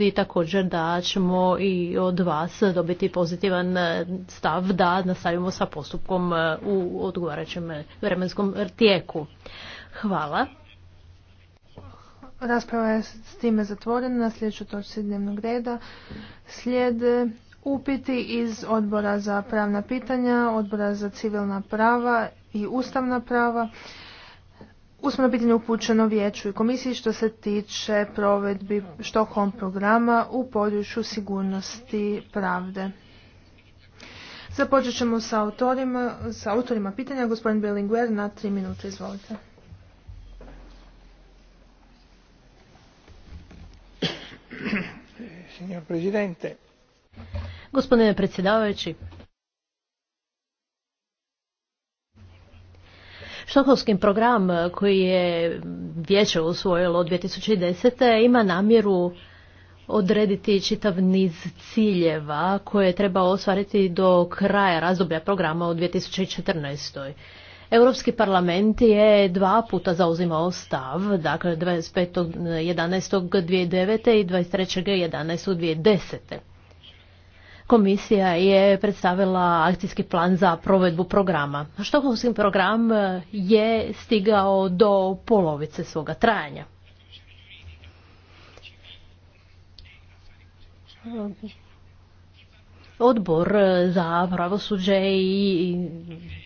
i također da ćemo i od vas dobiti pozitivan e, stav da nastavimo sa postupkom e, u odgovarajućem vremenskom tijeku. Hvala. Rasprava je s time zatvorena. Na sljedećoj točci dnevnog reda slijede upiti iz odbora za pravna pitanja, odbora za civilna prava i ustavna prava. Usmeno pitanje upućeno vijeću i komisiji što se tiče provedbi Štokholm programa u području sigurnosti pravde. Započet ćemo sa autorima, sa autorima pitanja. Gospodin Bellinguer na tri minute, izvolite. Gospodine predsjedavajući, Štokholmski program e, koji je vijeće usvojilo od 2010. ima namjeru odrediti čitav niz ciljeva koje treba ostvariti do kraja razdoblja programa u 2014. Europski parlament je dva puta zauzimao stav, dakle 25.11.2009. i 23.11.2010 komisija je predstavila akcijski plan za provedbu programa. Štokholmski program e, je stigao do polovice svoga trajanja. Odbor za pravosuđe i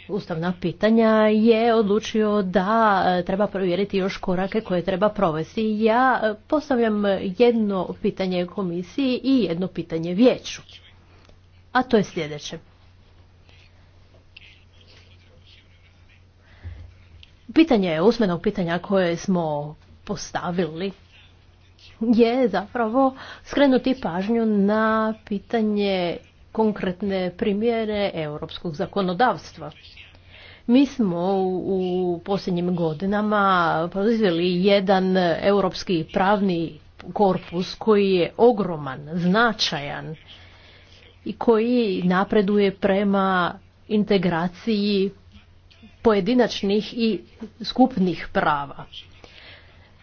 ustavna pitanja je odlučio da e, treba provjeriti još korake koje treba provesti. Ja e, postavljam jedno pitanje komisiji i jedno pitanje vijeću a to je sljedeće. Pitanje usmenog pitanja koje smo postavili je zapravo skrenuti pažnju na pitanje konkretne primjere europskog zakonodavstva. Mi smo u posljednjim godinama proizveli jedan europski pravni korpus koji je ogroman, značajan i koji napreduje prema integraciji pojedinačnih i skupnih prava.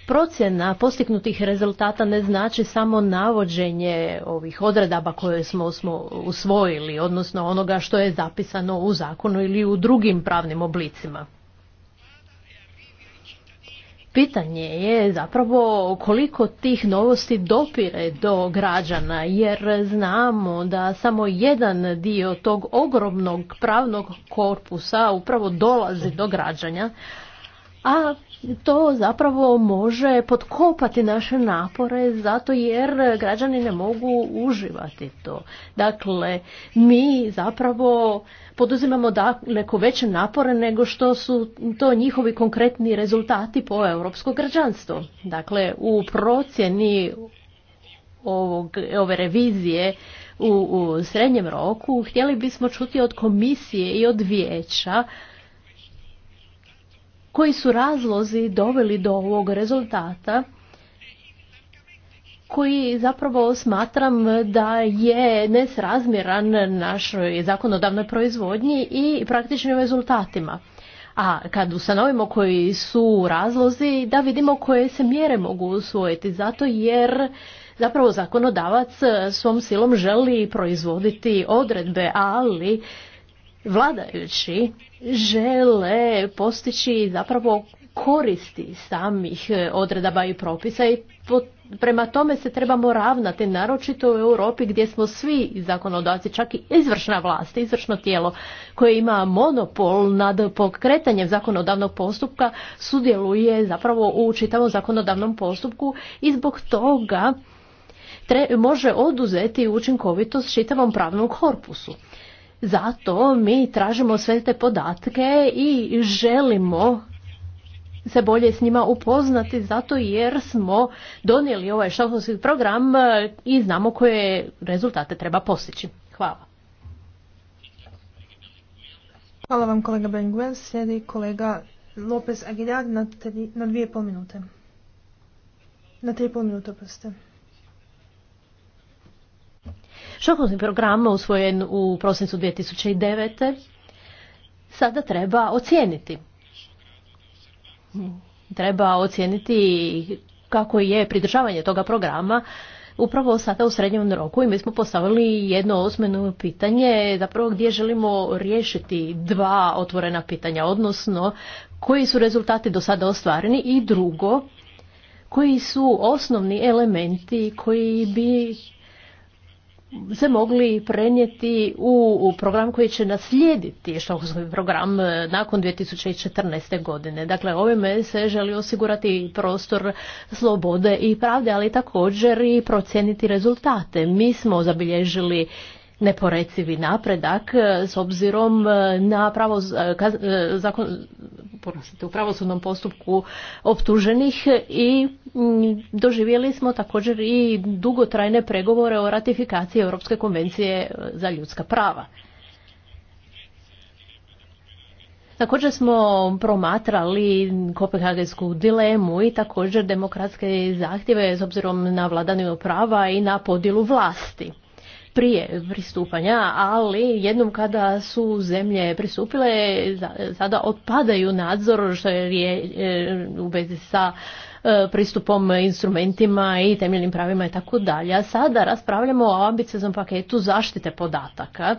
Procjena postignutih rezultata ne znači samo navođenje ovih odredaba koje smo, smo usvojili, odnosno onoga što je zapisano u zakonu ili u drugim pravnim oblicima. Pitanje je zapravo koliko tih novosti dopire do građana, jer znamo da samo jedan dio tog ogromnog pravnog korpusa upravo dolazi do građanja, a to zapravo može podkopati naše napore zato jer građani ne mogu uživati to. Dakle, mi zapravo poduzimamo neko veće napore nego što su to njihovi konkretni rezultati po europsko građanstvo. Dakle, u procjeni ovog, ove revizije u, u srednjem roku htjeli bismo čuti od komisije i od vijeća koji su razlozi doveli do ovog rezultata koji zapravo smatram da je nesrazmjeran našoj zakonodavnoj proizvodnji i praktičnim rezultatima. A kad ustanovimo koji su razlozi, da vidimo koje se mjere mogu usvojiti, zato jer zapravo zakonodavac svom silom želi proizvoditi odredbe, ali vladajući žele postići zapravo koristi samih e, odredaba i propisa i prema tome se trebamo ravnati, naročito u Europi gdje smo svi zakonodavci, čak i izvršna vlast, izvršno tijelo koje ima monopol nad pokretanjem zakonodavnog postupka, sudjeluje zapravo u čitavom zakonodavnom postupku i zbog toga tre, može oduzeti učinkovitost čitavom pravnom korpusu. Zato mi tražimo sve te podatke i želimo se bolje s njima upoznati zato jer smo donijeli ovaj šahovski program i znamo koje rezultate treba postići. Hvala. Hvala vam kolega Benguel. Slijedi kolega Lopez Aguilar na, dvije pol minute. Na tri pol minute, šokovni program usvojen u prosincu 2009. sada treba ocijeniti. Treba ocijeniti kako je pridržavanje toga programa upravo sada u srednjem roku i mi smo postavili jedno osmeno pitanje zapravo gdje želimo riješiti dva otvorena pitanja, odnosno koji su rezultati do sada ostvareni i drugo, koji su osnovni elementi koji bi se mogli prenijeti u, program koji će naslijediti štokholmski program e, nakon 2014. godine. Dakle, ovime se želi osigurati prostor slobode i pravde, ali također i procijeniti rezultate. Mi smo zabilježili neporecivi napredak e, s obzirom e, na pravo, e, zakon, u pravosudnom postupku optuženih i doživjeli smo također i dugotrajne pregovore o ratifikaciji Europske konvencije za ljudska prava. Također smo promatrali kopenhagensku dilemu i također demokratske zahtjeve s obzirom na vladanju prava i na podjelu vlasti prije pristupanja, ali jednom kada su zemlje pristupile, sada otpadaju nadzor što je e, u vezi sa e, pristupom instrumentima i temeljnim pravima i tako dalje. sada raspravljamo o ambicioznom paketu zaštite podataka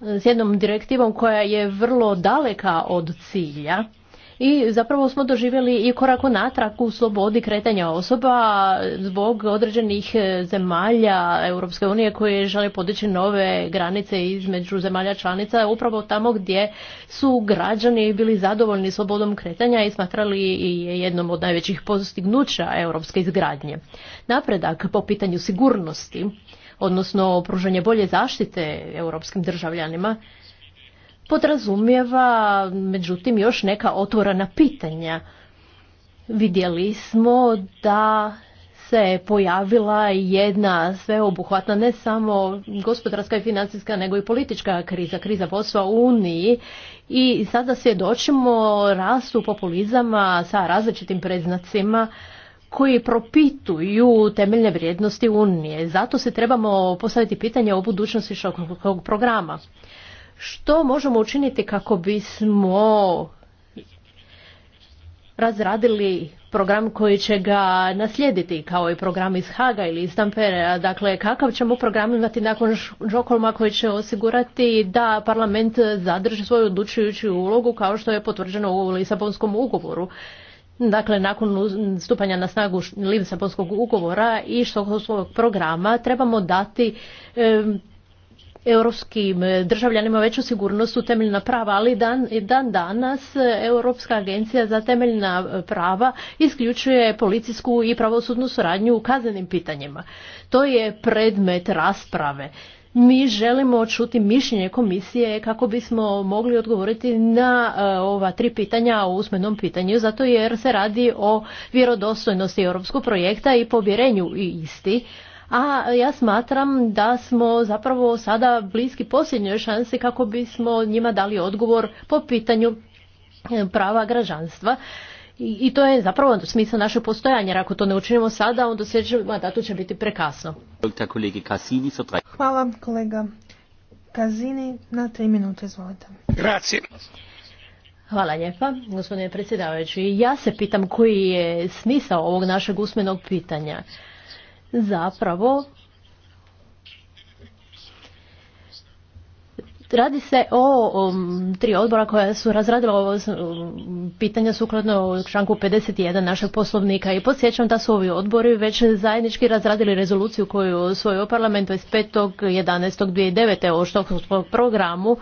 e, s jednom direktivom koja je vrlo daleka od cilja i zapravo smo doživjeli i korak natrag u slobodi kretanja osoba zbog određenih e, zemalja Europske unije koje žele podići nove granice između zemalja članica upravo tamo gdje su građani bili zadovoljni slobodom kretanja i smatrali je jednom od najvećih postignuća europske izgradnje. Napredak po pitanju sigurnosti odnosno pružanje bolje zaštite europskim državljanima podrazumijeva međutim još neka otvorena pitanja. Vidjeli smo da se pojavila jedna sveobuhvatna ne samo gospodarska i financijska nego i politička kriza, kriza posla u Uniji i sada svjedočimo rastu populizama sa različitim preznacima koji propituju temeljne vrijednosti Unije. Zato se trebamo postaviti pitanje o budućnosti šokovog programa što možemo učiniti kako bismo razradili program koji će ga naslijediti kao i program iz Haga ili iz Tampere. Dakle, kakav ćemo program imati nakon Žokolma koji će osigurati da parlament zadrži svoju odlučujuću ulogu kao što je potvrđeno u Lisabonskom ugovoru. Dakle, nakon stupanja na snagu Lisabonskog ugovora i štokholmskog programa trebamo dati europskim eh, državljanima veću sigurnost u temeljna prava, ali dan, dan danas eh, Europska agencija za temeljna eh, prava isključuje policijsku i pravosudnu suradnju u kaznenim pitanjima. To je predmet rasprave. Mi želimo čuti mišljenje komisije kako bismo mogli odgovoriti na ova tri pitanja o usmenom pitanju, zato jer se radi o vjerodostojnosti europskog projekta i povjerenju i isti, a ja smatram da smo zapravo sada bliski posljednjoj šanse kako bismo njima dali odgovor po pitanju e, prava građanstva. I to je zapravo smisao naše postojanja, jer ako to ne učinimo sada, onda sjećamo da to će biti prekasno. Hvala kolega Kazini na tri minute, Hvala lijepa, gospodine predsjedavajući. Ja se pitam koji je smisao ovog našeg usmenog pitanja zapravo Radi se o tri odbora koja su razradila ovo pitanja sukladno članku 51 našeg poslovnika i podsjećam da su ovi odbori već zajednički razradili rezoluciju koju je usvojio parlament 25.11.2009. o štokholmskom programu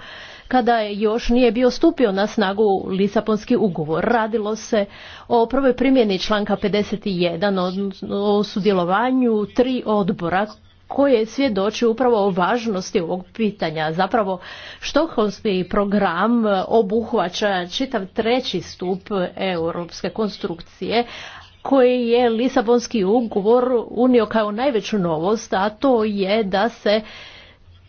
kada još nije bio stupio na snagu Lisabonski ugovor. Radilo se o prvoj primjeni članka 51 o sudjelovanju tri odbora koje svjedoči upravo o važnosti ovog pitanja. Zapravo, štokholmski program obuhvaća čitav treći stup europske konstrukcije, koji je Lisabonski ugovor unio kao najveću novost, a to je da se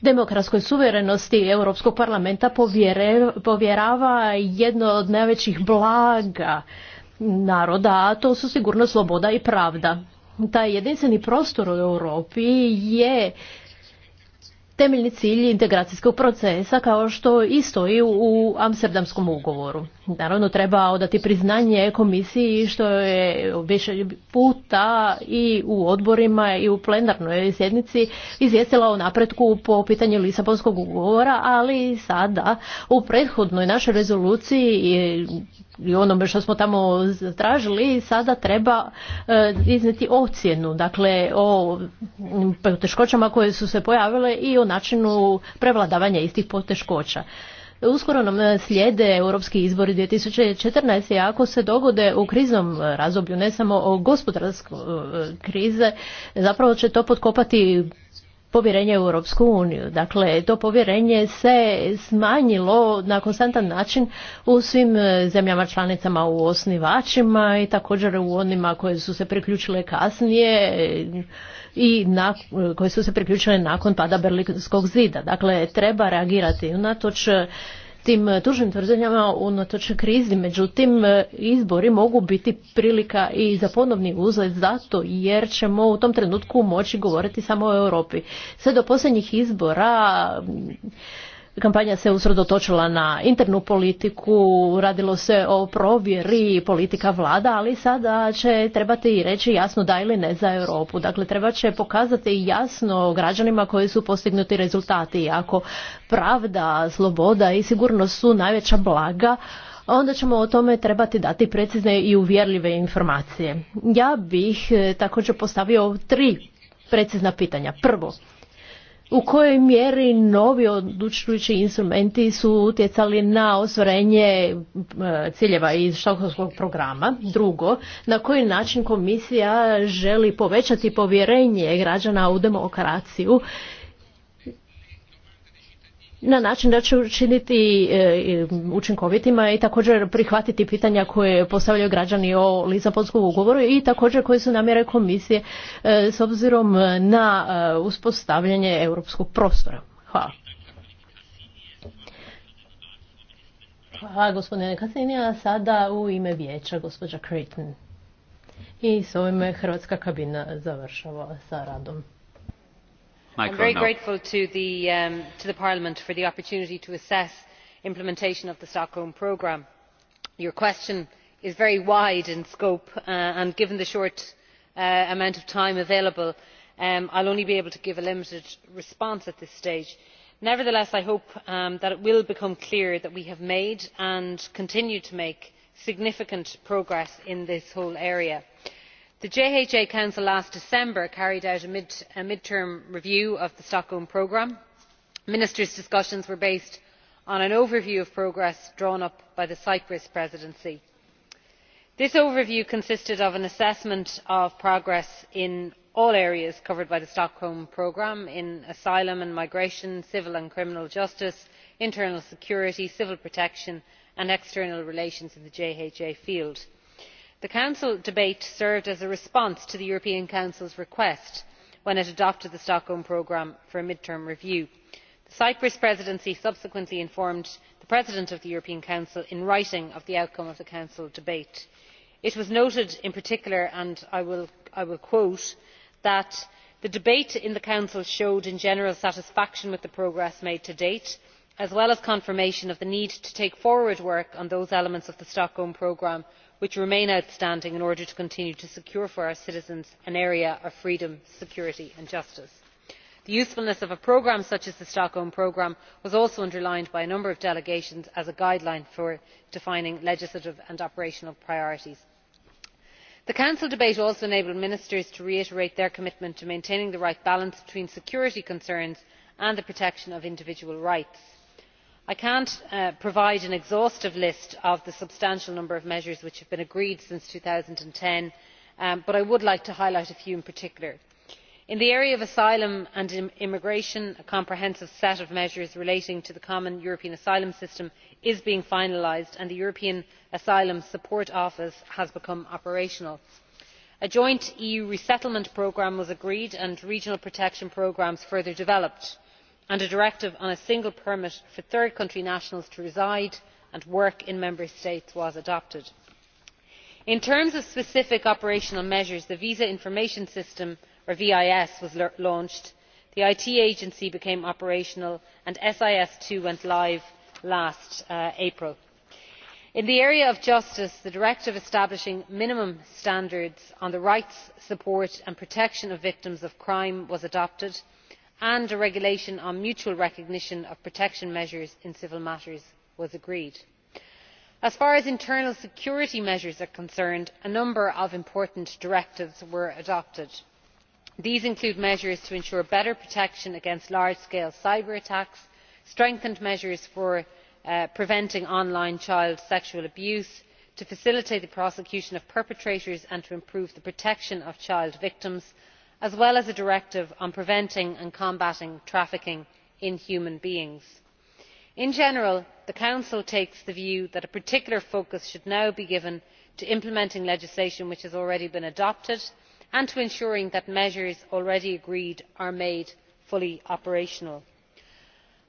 demokratskoj suverenosti Europskog parlamenta povjerava jedno od najvećih blaga naroda, a to su sigurno sloboda i pravda. Taj jedinstveni prostor u Europi je temeljni cilj integracijskog procesa kao što i stoji u Amsterdamskom ugovoru. Naravno treba odati priznanje komisiji što je više puta i u odborima i u plenarnoj sjednici izvijestila o napretku po pitanju Lisabonskog ugovora, ali sada u prethodnoj našoj rezoluciji i onome što smo tamo tražili sada treba e, izneti ocjenu dakle o poteškoćama koje su se pojavile i o načinu prevladavanja istih poteškoća. Uskoro nam slijede europski izbori 2014. i ako se dogode u kriznom razdoblju ne samo gospodarske krize, zapravo će to potkopati povjerenje u Europsku uniju. Dakle, to povjerenje se smanjilo na konstantan način u svim e, zemljama članicama u osnivačima i također u onima koje su se priključile kasnije i na, koje su se priključile nakon pada Berlinskog zida. Dakle, treba reagirati. Unatoč tim e, tužnim tvrđenjama unatoč krizi. Međutim, e, izbori mogu biti prilika i za ponovni uzlet zato jer ćemo u tom trenutku moći govoriti samo o Europi. Sve do posljednjih izbora kampanja se usredotočila na internu politiku, radilo se o provjeri politika vlada, ali sada će trebati reći jasno da ili ne za Europu. Dakle, treba će pokazati jasno građanima koji su postignuti rezultati. Ako pravda, sloboda i sigurnost su najveća blaga, onda ćemo o tome trebati dati precizne i uvjerljive informacije. Ja bih eh, također postavio tri precizna pitanja. Prvo, u kojoj mjeri novi odlučujući instrumenti su utjecali na ostvarenje e, ciljeva iz štokholmskog programa. Drugo, na koji način komisija želi povećati povjerenje građana u demokraciju na način da će učiniti e, učinkovitima i također prihvatiti pitanja koje postavljaju građani o Lisabonskom ugovoru i također koje su namjere komisije e, s obzirom na e, uspostavljanje europskog prostora. Hvala. Hvala gospodine Kasinija. Sada u ime vijeća gospođa Creighton. I s ovime Hrvatska kabina završava sa radom i am very grateful to um, parliament for the opportunity to assess implementation of the stockholm programme. your question is very wide in scope uh, and given the short uh, amount of time available i um, will only be able to give a limited response at this stage. nevertheless i hope um, that it will become clear that we have made and continue to make significant progress in this whole area the jha council last december carried out a mid term review of the stockholm programme. ministers' discussions were based on an overview of progress drawn up by the cyprus presidency. this overview consisted of an assessment of progress in all areas covered by the stockholm programme in asylum and migration civil and criminal justice internal security civil protection and external relations in the jha field the council debate served as a response to the european council's request when it adopted the stockholm programme for a mid term review. the cyprus presidency subsequently informed the president of the european council in writing of the outcome of the council debate. it was noted in particular and i will quote that the debate in the council showed in general satisfaction with the progress made to date as well as confirmation of the need to take forward work on those elements of the stockholm programme which remain outstanding in order to continue to secure for our citizens an area of freedom security and justice. the usefulness of a programme such as the stockholm programme was also underlined by a number of delegations as a guideline for defining legislative and operational priorities. the council debate also enabled ministers to reiterate their commitment to maintaining the right balance between security concerns and the protection of individual rights i cannot uh, provide an exhaustive list of the substantial number of measures which have been agreed since two thousand and ten um, but i would like to highlight a few in particular. in the area of asylum and immigration a comprehensive set of measures relating to the common european asylum system is being finalised and the european asylum support office has become operational. a joint eu resettlement programme was agreed and regional protection programmes further developed and a directive on a single permit for third country nationals to reside and work in member states was adopted. in terms of specific operational measures the visa information system or VIS was launched the it agency became operational and sis ii went live last uh, april. in the area of justice the directive establishing minimum standards on the rights support and protection of victims of crime was adopted and a regulation on mutual recognition of protection measures in civil matters was agreed. as far as internal security measures are concerned a number of important directives were adopted. these include measures to ensure better protection against large scale cyber attacks strengthened measures for uh, preventing online child sexual abuse to facilitate the prosecution of perpetrators and to improve the protection of child victims as well as a directive on preventing and combating trafficking in human beings. in general the council takes the view that a particular focus should now be given to implementing legislation which has already been adopted and to ensuring that measures already agreed are made fully operational.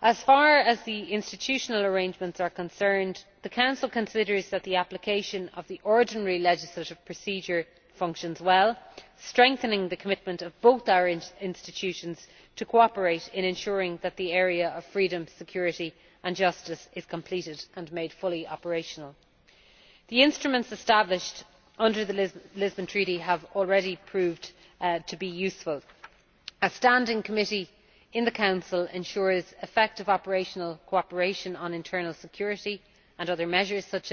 as far as the institutional arrangements are concerned the council considers that the application of the ordinary legislative procedure functions well strengthening the commitment of both our institutions to cooperate in ensuring that the area of freedom security and justice is completed and made fully operational. the instruments established under the lisbon treaty have already proved uh, to be useful. a standing committee in the council ensures effective operational cooperation on internal security and other measures such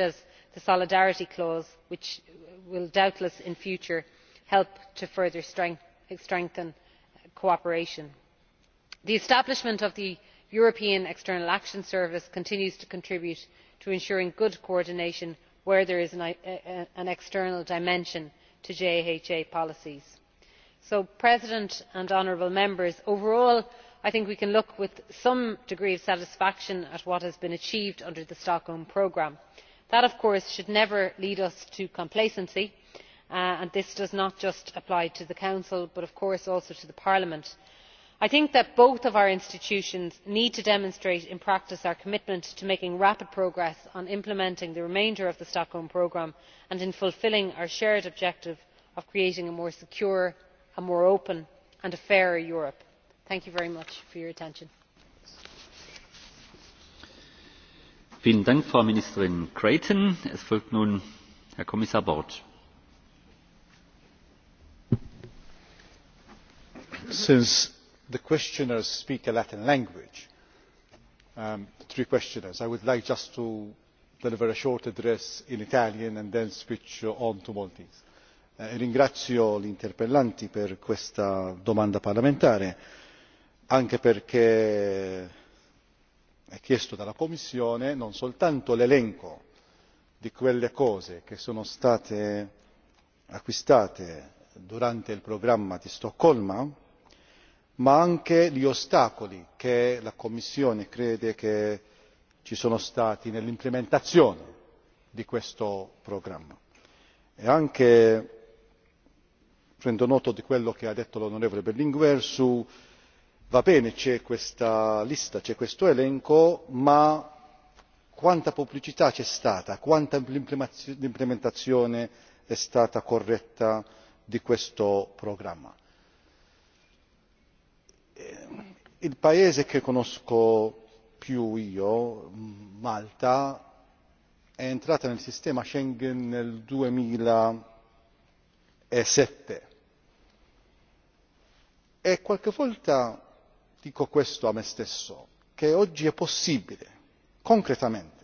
the solidarity clause which will doubtless in future help to further strengthen cooperation. the establishment of the european external action service continues to contribute to ensuring good coordination where there is an uh, uh, external dimension to jha policies. so President and honourable members overall i think we can look with some degree of satisfaction at what has been achieved under the stockholm programme that of course should never lead us to complacency uh, and this does not just apply to the council but of course also to parliament. i think that both of our institutions need to demonstrate in practice our commitment to making rapid progress on implementing the remainder of the stockholm programme and in fulfilling our shared objective of creating a more secure a more open and a fairer europe. thank you very much for your attention. Vielen Dank, Frau Ministerin Creighton. Es folgt nun Herr Kommissar Borg. Since the questioners speak a Latin language, the um, three questioners, I would like just to deliver a short address in Italian and then switch on to Maltese. Uh, ringrazio gli interpellanti per questa domanda parlamentare, anche perché è chiesto dalla commissione non soltanto l'elenco di quelle cose che sono state acquistate durante il programma di stoccolma ma anche gli ostacoli che la commissione crede che ci sono stati nell'implementazione di questo programma e anche prendo noto di quello che ha detto l'onorevole berlinguer va bene c'è questa lista c'è questo elenco ma quanta pubblicità c'è stata quanta implementazione è stata corretta di questo programma? Eh, il paese che conosco più io malta è entrata nel sistema schengen nel duemilasette e qualche volta dico questo a me stesso che oggi è possibile concretamente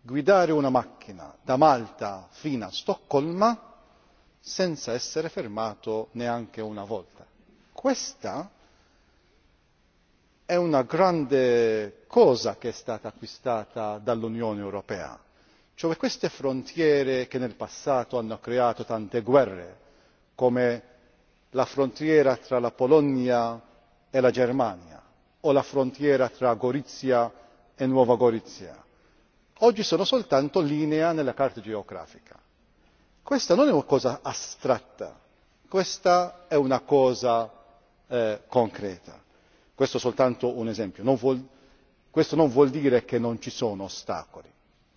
guidare una macchina da malta fino a stoccolma senza essere fermato neanche una volta. questa è una grande cosa che è stata acquistata dall'unione europea cioè queste frontiere che nel passato hanno creato tante guerre come la frontiera tra la polonia e la germania o la frontiera tra gorizia e nuova gorizia oggi sono soltanto linea nella carta geografica. questa non è una cosa astratta questa è una cosa eh, concreta. questo è soltanto un esempio questo non vuol dire che non ci sono ostacoli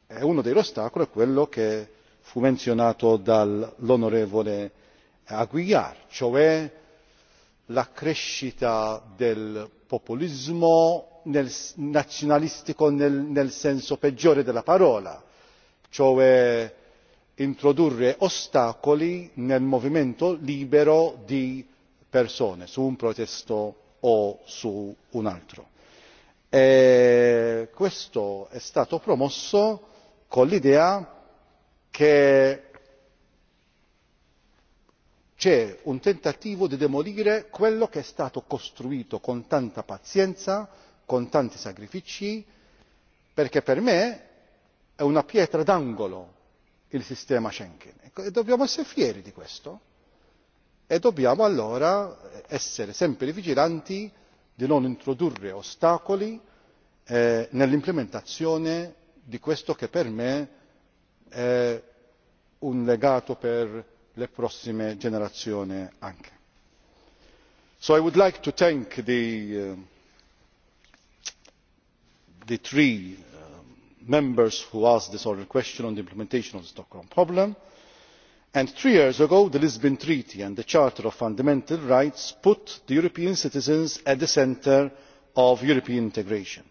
e uno degli ostacoli è quello che fu menzionato dall'onorevole aguilar cioè la crescita del populismo nazionalistico nel senso peggiore della parola cioè introdurre ostacoli nel movimento libero di persone su un protesto o su un altro. E questo è stato promosso con l'idea che c'è un tentativo di demolire quello che è stato costruito con tanta pazienza con tanti sacrifici perché per me è una pietra d'angolo il sistema schengen e dobbiamo essere fieri di questo e dobbiamo allora essere sempre vigilanti di non introdurre ostacoli eh, nell'implementazione di questo che per me è un legato per le prossime generazioni anche. so i would like to thank the, uh, three uh, members who asked this oral question on the implementation of the stockholm problem and three years ago the lisbon treaty and the charter of fundamental rights put the european citizens at the centre of european integration.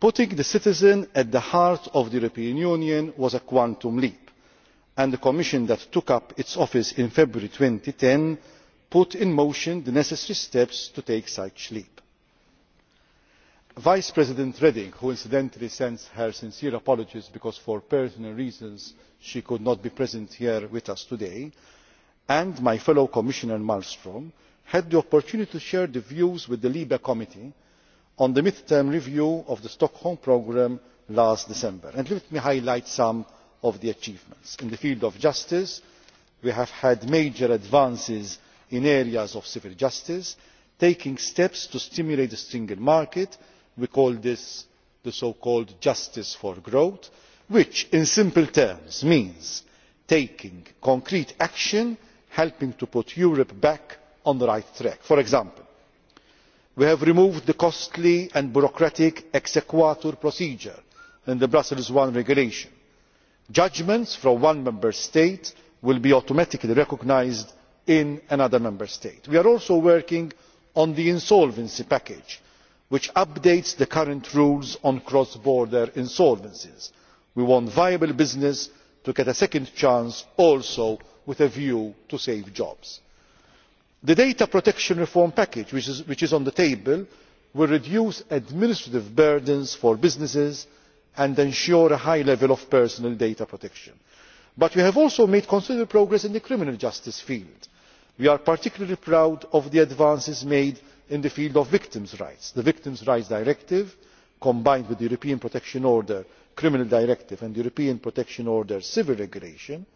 putting the citizen at the heart of the european union was a quantum leap and the commission that took up its office in february two ten put in motion the necessary steps to take such a leap. vice president reding who incidentally sends her sincere apologies because for personal reasons she could not be present here with us today and my fellow commissioner malmstrm had the opportunity to share the views with the libe committee on the mid term review of the stockholm programme last december. let me highlight some of the achievements. in the field of justice we have had major advances in areas of civil justice taking steps to stimulate the single market we call this the so called justice for growth' which in simple terms means taking concrete action helping to put europe back on the right track. for example we have removed the costly and bureaucratic exequatur procedure in the brussels i regulation judgments from one member state will be automatically recognised in another member state. we are also working on the insolvency package which updates the current rules on cross border insolvencies. we want viable business to get a second chance also with a view to saving jobs. the data protection reform package which is on the table will reduce administrative burdens for businesses and ensure a high level of personal data protection. but we have also made considerable progress in the criminal justice field. we are particularly proud of the advances made in the field of victims' rights the victims' rights directive combined with the european protection order criminal directive and the european protection order civil regulation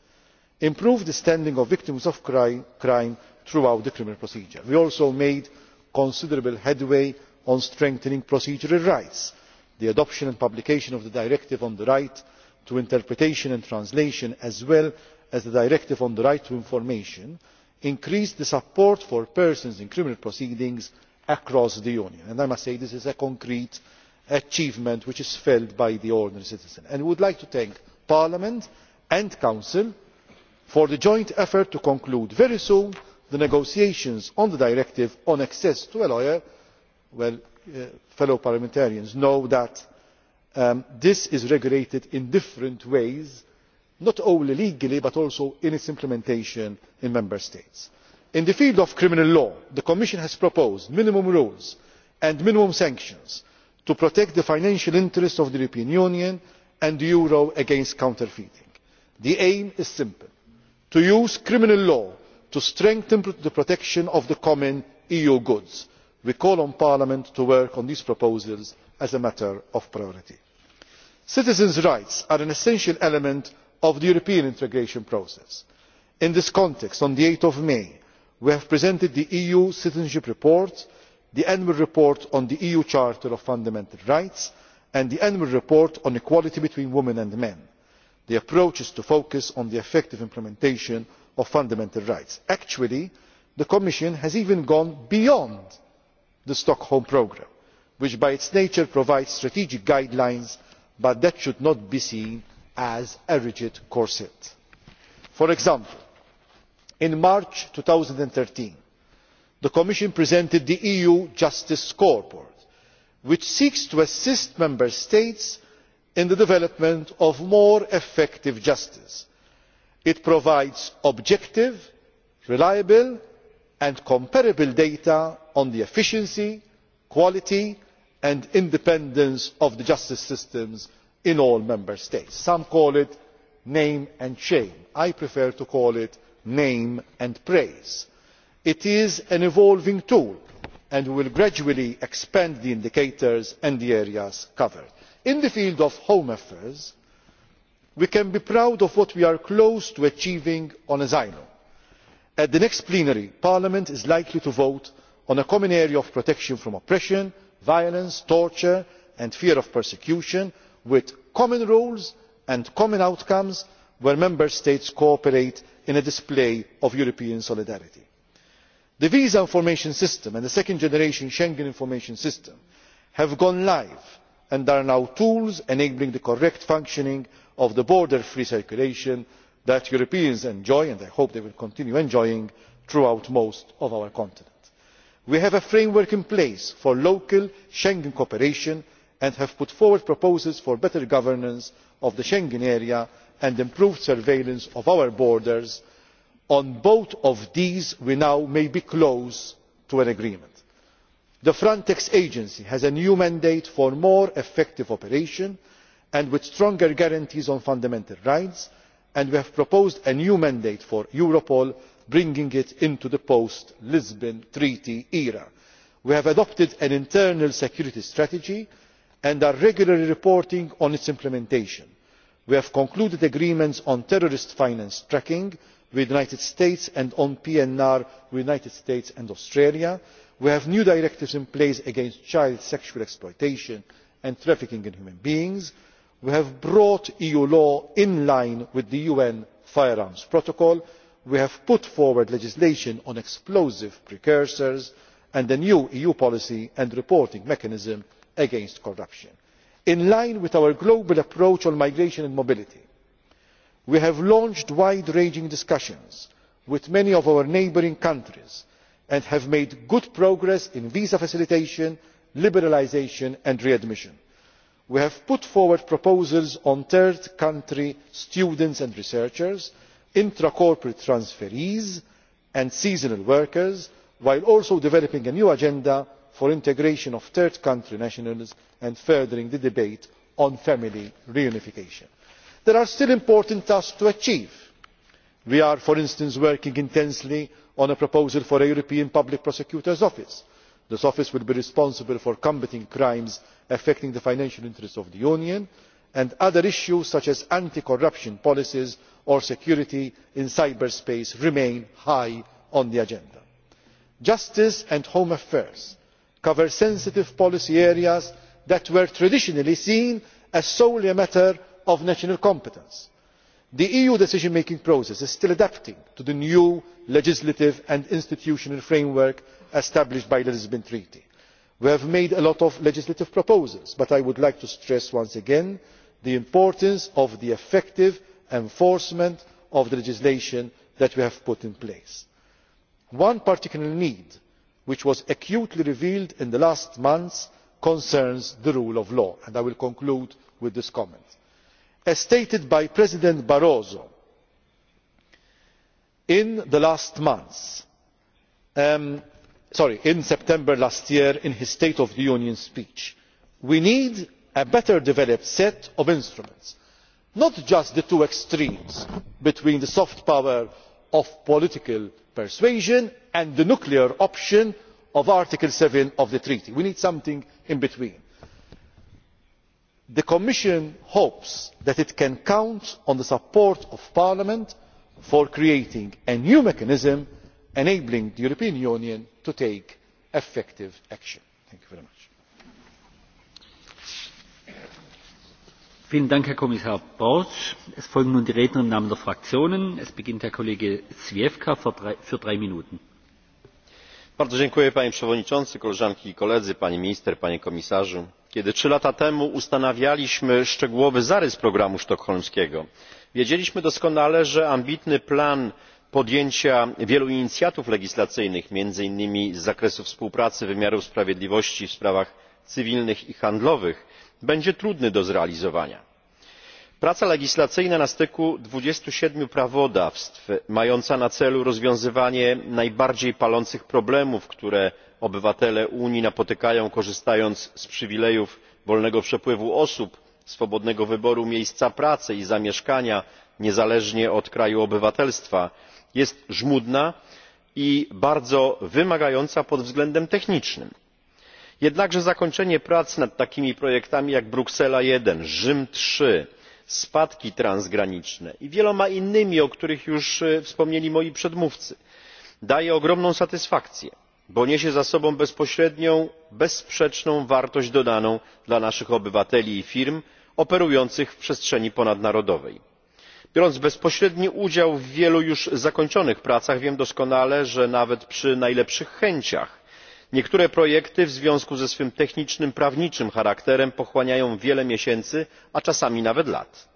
improved the standing of victims of crime throughout the criminal procedure. we also made considerable headway on strengthening procedural rights the adoption and publication of the directive on the right to interpretation and translation as well as the directive on the right to information increased the support for persons in criminal proceedings across the union and i must say this is a concrete achievement which is felt by the ordinary citizen. i would like to thank parliament and council for the joint effort to conclude very soon the negotiations on the directive on access to a lawyer well... Uh, fellow parliamentarians know that um, this is regulated in different ways not only legally but also in its implementation in member states. in the field of criminal law the commission has proposed minimum rules and minimum sanctions to protect the financial interests of the european union and the euro against counterfeiting. the aim is simple to use criminal law to strengthen the protection of the common eu goods we call on parliament to work on these proposals as a matter of priority. citizens' rights are an essential element of the european integration process. in this context on eight may we have presented the eu citizenship report the annual report on the eu charter of fundamental rights and the annual report on equality between women and men. the approach is to focus on the effective implementation of fundamental rights. actually the commission has even gone beyond the stockholm programme which by its nature provides strategic guidelines but that should not be seen as a rigid corset. for example in march two thousand and thirteen the commission presented the eu justice scoreboard which seeks to assist member states in the development of more effective justice. it provides objective reliable and comparable data on the efficiency quality and independence of the justice systems in all member states. some call it name and shame'. i prefer to call it name and praise'. it is an evolving tool and we will gradually expand the indicators and the areas covered. in the field of home affairs we can be proud of what we are close to achieving on asylum at the next plenary parliament is likely to vote on a common area of protection from oppression violence torture and fear of persecution with common rules and common outcomes where member states cooperate in a display of european solidarity. the visa information system and the second generation schengen information system have gone live and are now tools enabling the correct functioning of the border free circulation that europeans enjoy and i hope they will continue enjoying throughout most of our continent. we have a framework in place for local schengen cooperation and have put forward proposals for better governance of the schengen area and improved surveillance of our borders. on both of these we now may be close to an agreement. the frontex agency has a new mandate for more effective operation and with stronger guarantees on fundamental rights and we have proposed a new mandate for europol bringing it into the post lisbon treaty era. we have adopted an internal security strategy and are regularly reporting on its implementation. we have concluded agreements on terrorist finance tracking with the united states and on pnr with the united states and australia. we have new directives in place against child sexual exploitation and trafficking in human beings we have brought eu law in line with the un firearms protocol we have put forward legislation on explosive precursors and a new eu policy and reporting mechanism against corruption. in line with our global approach on migration and mobility we have launched wide ranging discussions with many of our neighbouring countries and have made good progress in visa facilitation liberalisation and readmission we have put forward proposals on third country students and researchers intra corporate transferees and seasonal workers while also developing a new agenda for integration of third country nationals and furthering the debate on family reunification. there are still important tasks to achieve. we are for instance working intensely on a proposal for a european public prosecutor's office this office will be responsible for combating crimes affecting the financial interests of the union and other issues such as anti corruption policies or security in cyberspace remain high on the agenda. justice and home affairs cover sensitive policy areas that were traditionally seen as solely a matter of national competence. the eu decision making process is still adapting to the new legislative and institutional framework established by the lisbon treaty. we have made a lot of legislative proposals but i would like to stress once again the importance of the effective enforcement of the legislation that we have put in place. one particular need which was acutely revealed in the last months concerns the rule of law and i will conclude with this comment. as stated by president barroso in the last months um, in september last year in his state of the union speech we need a better developed set of instruments not just the two extremes between the soft power of political persuasion and the nuclear option of article seven of the treaty. we need something in between. the commission hopes that it can count on the support of parliament for creating a new mechanism enabling the european union to take effective action. panie przewodniczący! i koledzy! pani minister! panie komisarzu! kiedy trzy lata temu ustanawialiśmy szczegółowy zarys programu sztokholmskiego wiedzieliśmy doskonale że ambitny plan podjęcia wielu inicjatyw legislacyjnych między innymi z zakresu współpracy wymiaru sprawiedliwości w sprawach cywilnych i handlowych będzie trudny do zrealizowania. praca legislacyjna na styku dwadzieścia siedem prawodawstw mająca na celu rozwiązywanie najbardziej palących problemów które obywatele unii napotykają korzystając z przywilejów wolnego przepływu osób swobodnego wyboru miejsca pracy i zamieszkania niezależnie od kraju obywatelstwa jest żmudna i bardzo wymagająca pod względem technicznym. jednakże zakończenie prac nad takimi projektami jak bruksela i rzym iii spadki transgraniczne i wieloma innymi o których już wspomnieli moi przedmówcy daje ogromną satysfakcję bo niesie za sobą bezpośrednią bezsprzeczną wartość dodaną dla naszych obywateli i firm operujących w przestrzeni ponadnarodowej biorąc bezpośredni udział w wielu już zakończonych pracach wiem doskonale że nawet przy najlepszych chęciach niektóre projekty w związku ze swym technicznym prawniczym charakterem pochłaniają wiele miesięcy a czasami nawet lat.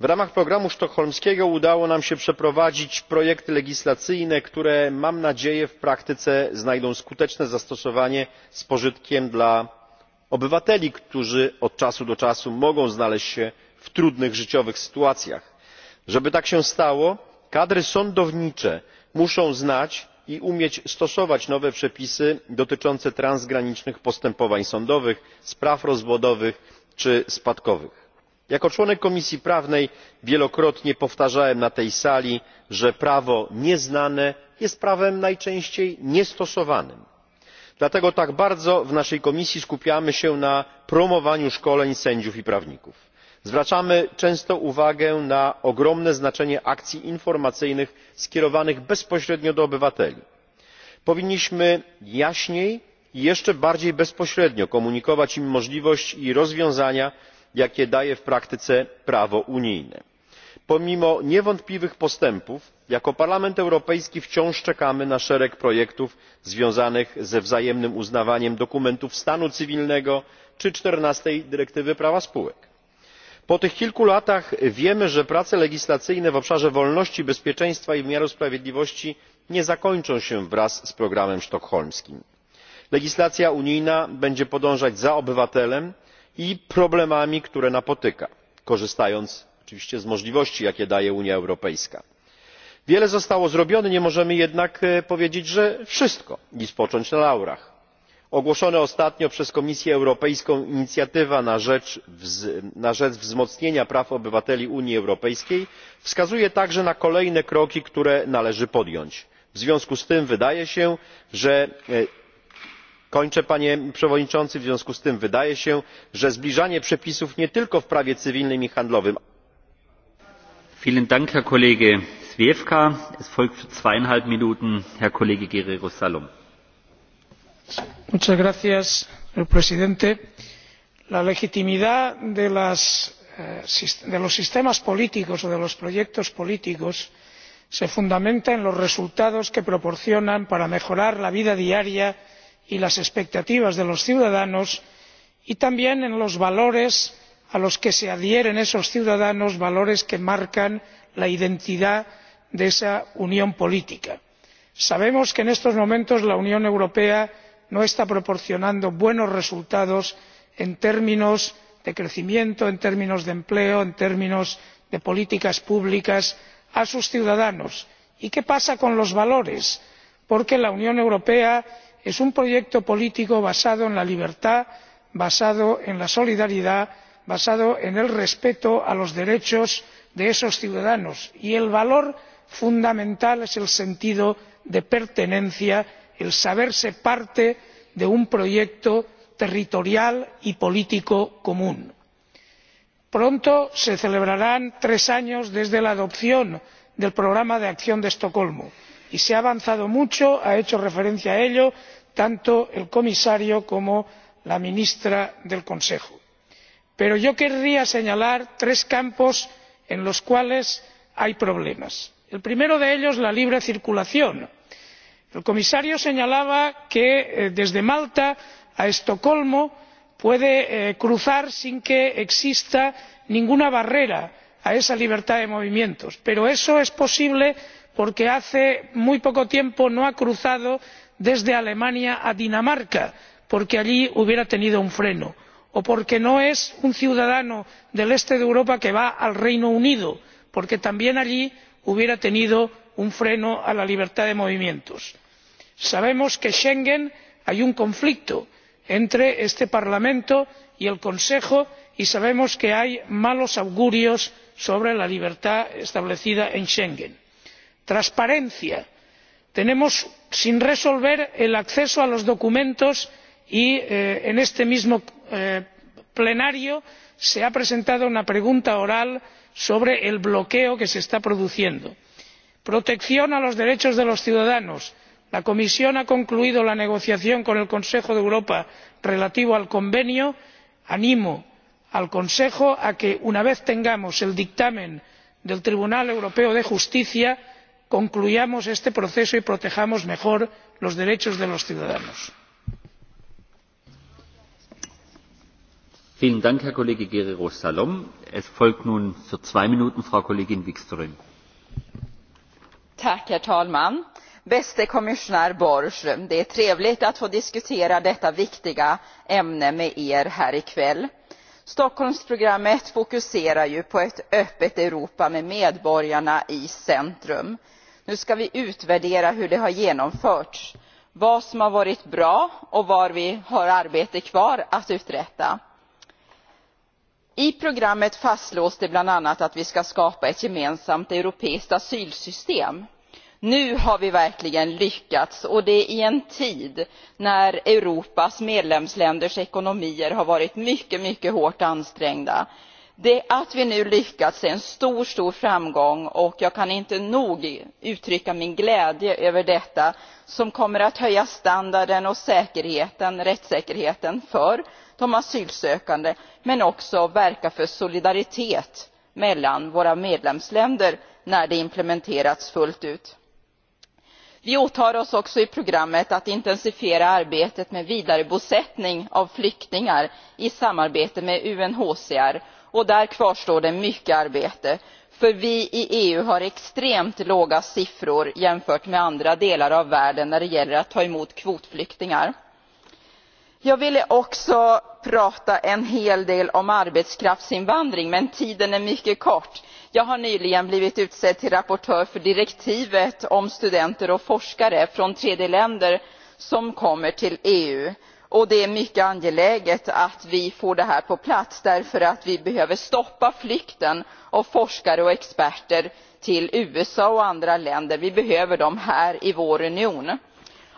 w ramach programu sztokholmskiego udało nam się przeprowadzić projekty legislacyjne które mam nadzieję w praktyce znajdą skuteczne zastosowanie z pożytkiem dla obywateli którzy od czasu do czasu mogą znaleźć się w trudnych życiowych sytuacjach żeby tak się stało kadry sądownicze muszą znać i umieć stosować nowe przepisy dotyczące transgranicznych postępowań sądowych spraw rozwodowych czy spadkowych. jako członek komisji prawnej wielokrotnie powtarzałem na tej sali że prawo nieznane jest prawem najczęściej niestosowanym. dlatego tak bardzo w naszej komisji skupiamy się na promowaniu szkoleń sędziów i prawników zwracamy często uwagę na ogromne znaczenie akcji informacyjnych skierowanych bezpośrednio do obywateli. powinniśmy jaśniej i jeszcze bardziej bezpośrednio komunikować im możliwość i rozwiązania jakie daje w praktyce prawo unijne. pomimo niewątpliwych postępów jako parlament europejski wciąż czekamy na szereg projektów związanych ze wzajemnym uznawaniem dokumentów stanu cywilnego czy czternastej dyrektywy prawa spółek po tych kilku latach wiemy że prace legislacyjne w obszarze wolności bezpieczeństwa i wymiaru sprawiedliwości nie zakończą się wraz z programem sztokholmskim. legislacja unijna będzie podążać za obywatelem i problemami które napotyka korzystając oczywiście z możliwości jakie daje unia europejska. wiele zostało zrobione nie możemy jednak e, powiedzieć że wszystko i spocząć na laurach ogłoszona ostatnio przez komisję europejską inicjatywa na rzecz wzmocnienia praw obywateli unii europejskiej wskazuje także na kolejne kroki które należy podjąć. w związku z tym wydaje się że e, kończę panie przewodniczący w związku z tym wydaje się, że zbliżanie przepisów nie tylko w prawie cywilnym i handlowym ale señor presidente la legitimidad eh, de los sistemas políticos o de los proyectos políticos se fundamenta en los resultados que proporcionan para mejorar la vida diaria y las expectativas de los ciudadanos y también en los valores a los que se adhieren esos ciudadanos valores que marcan la identidad de esa unión política. sabemos que en estos momentos la unión europea no está proporcionando buenos resultados en términos de crecimiento en términos de empleo en términos de políticas públicas a sus ciudadanos. y qué pasa con los valores? porque la unión europea es un proyecto político basado en la libertad basado en la solidaridad basado en el respeto a los derechos de esos ciudadanos y el valor fundamental es el sentido de pertenencia el saberse parte de un proyecto territorial y político común. pronto se celebrarán tres años desde la adopción del programa de acción de estocolmo y se ha avanzado mucho ha hecho referencia a ello tanto el comisario como la ministra del consejo. pero yo querría señalar tres campos en los cuales hay problemas. el primero de ellos la libre circulación el comisario señalaba que eh, desde malta a estocolmo puede eh, cruzar sin que exista ninguna barrera a esa libertad de movimientos pero eso es posible porque hace muy poco tiempo no ha cruzado desde alemania a dinamarca porque allí hubiera tenido un freno o porque no es un ciudadano del este de europa que va al reino unido porque también allí hubiera tenido un freno a la libertad de movimientos sabemos que en schengen hay un conflicto entre este parlamento y el consejo y sabemos que hay malos augurios sobre la libertad establecida en schengen. transparencia tenemos sin resolver el acceso a los documentos y eh, en este mismo eh, plenario se ha presentado una pregunta oral sobre el bloqueo que se está produciendo. protección de los derechos de los ciudadanos la comisión ha concluido la negociación con el consejo de europa relativa al convenio animo al consejo a que una vez tengamos el dictamen del tribunal europeo de justicia concluyamos este proceso y protejamos mejor los derechos de los ciudadanos bäste kommissionär borg det är trevligt att få diskutera detta viktiga ämne med er här i kväll. stockholmsprogrammet fokuserar ju på ett öppet europa med medborgarna i centrum. nu ska vi utvärdera hur det har genomförts vad som har varit bra och var vi har arbete kvar att uträtta. i programmet fastslås det annat att vi ska skapa ett gemensamt europeiskt asylsystem nu har vi verkligen lyckats och det i en tid när europas medlemsländers ekonomier har varit mycket mycket hårt ansträngda. att vi nu lyckats är en stor stor framgång och jag kan inte nog uttrycka min glädje över detta som kommer att höja standarden och rättssäkerheten för de asylsökande men också verka för solidaritet mellan våra medlemsländer när det implementerats fullt ut vi åtar oss också i programmet att intensifiera arbetet med vidarebosättning av flyktingar i samarbete med unhcr och där kvarstår det mycket arbete för vi i eu har extremt låga siffror jämfört med andra delar av världen när det gäller att ta emot kvotflyktingar. jag ville också prata en hel del om arbetskraftsinvandring men tiden är mycket kort. jag har nyligen blivit utsedd till rapportör för direktivet om studenter och forskare från tredjeländer som kommer till eu. det är mycket angeläget att vi får detta på plats därför att vi behöver stoppa flykten av forskare och experter till usa och andra länder. vi behöver dem här i vår union.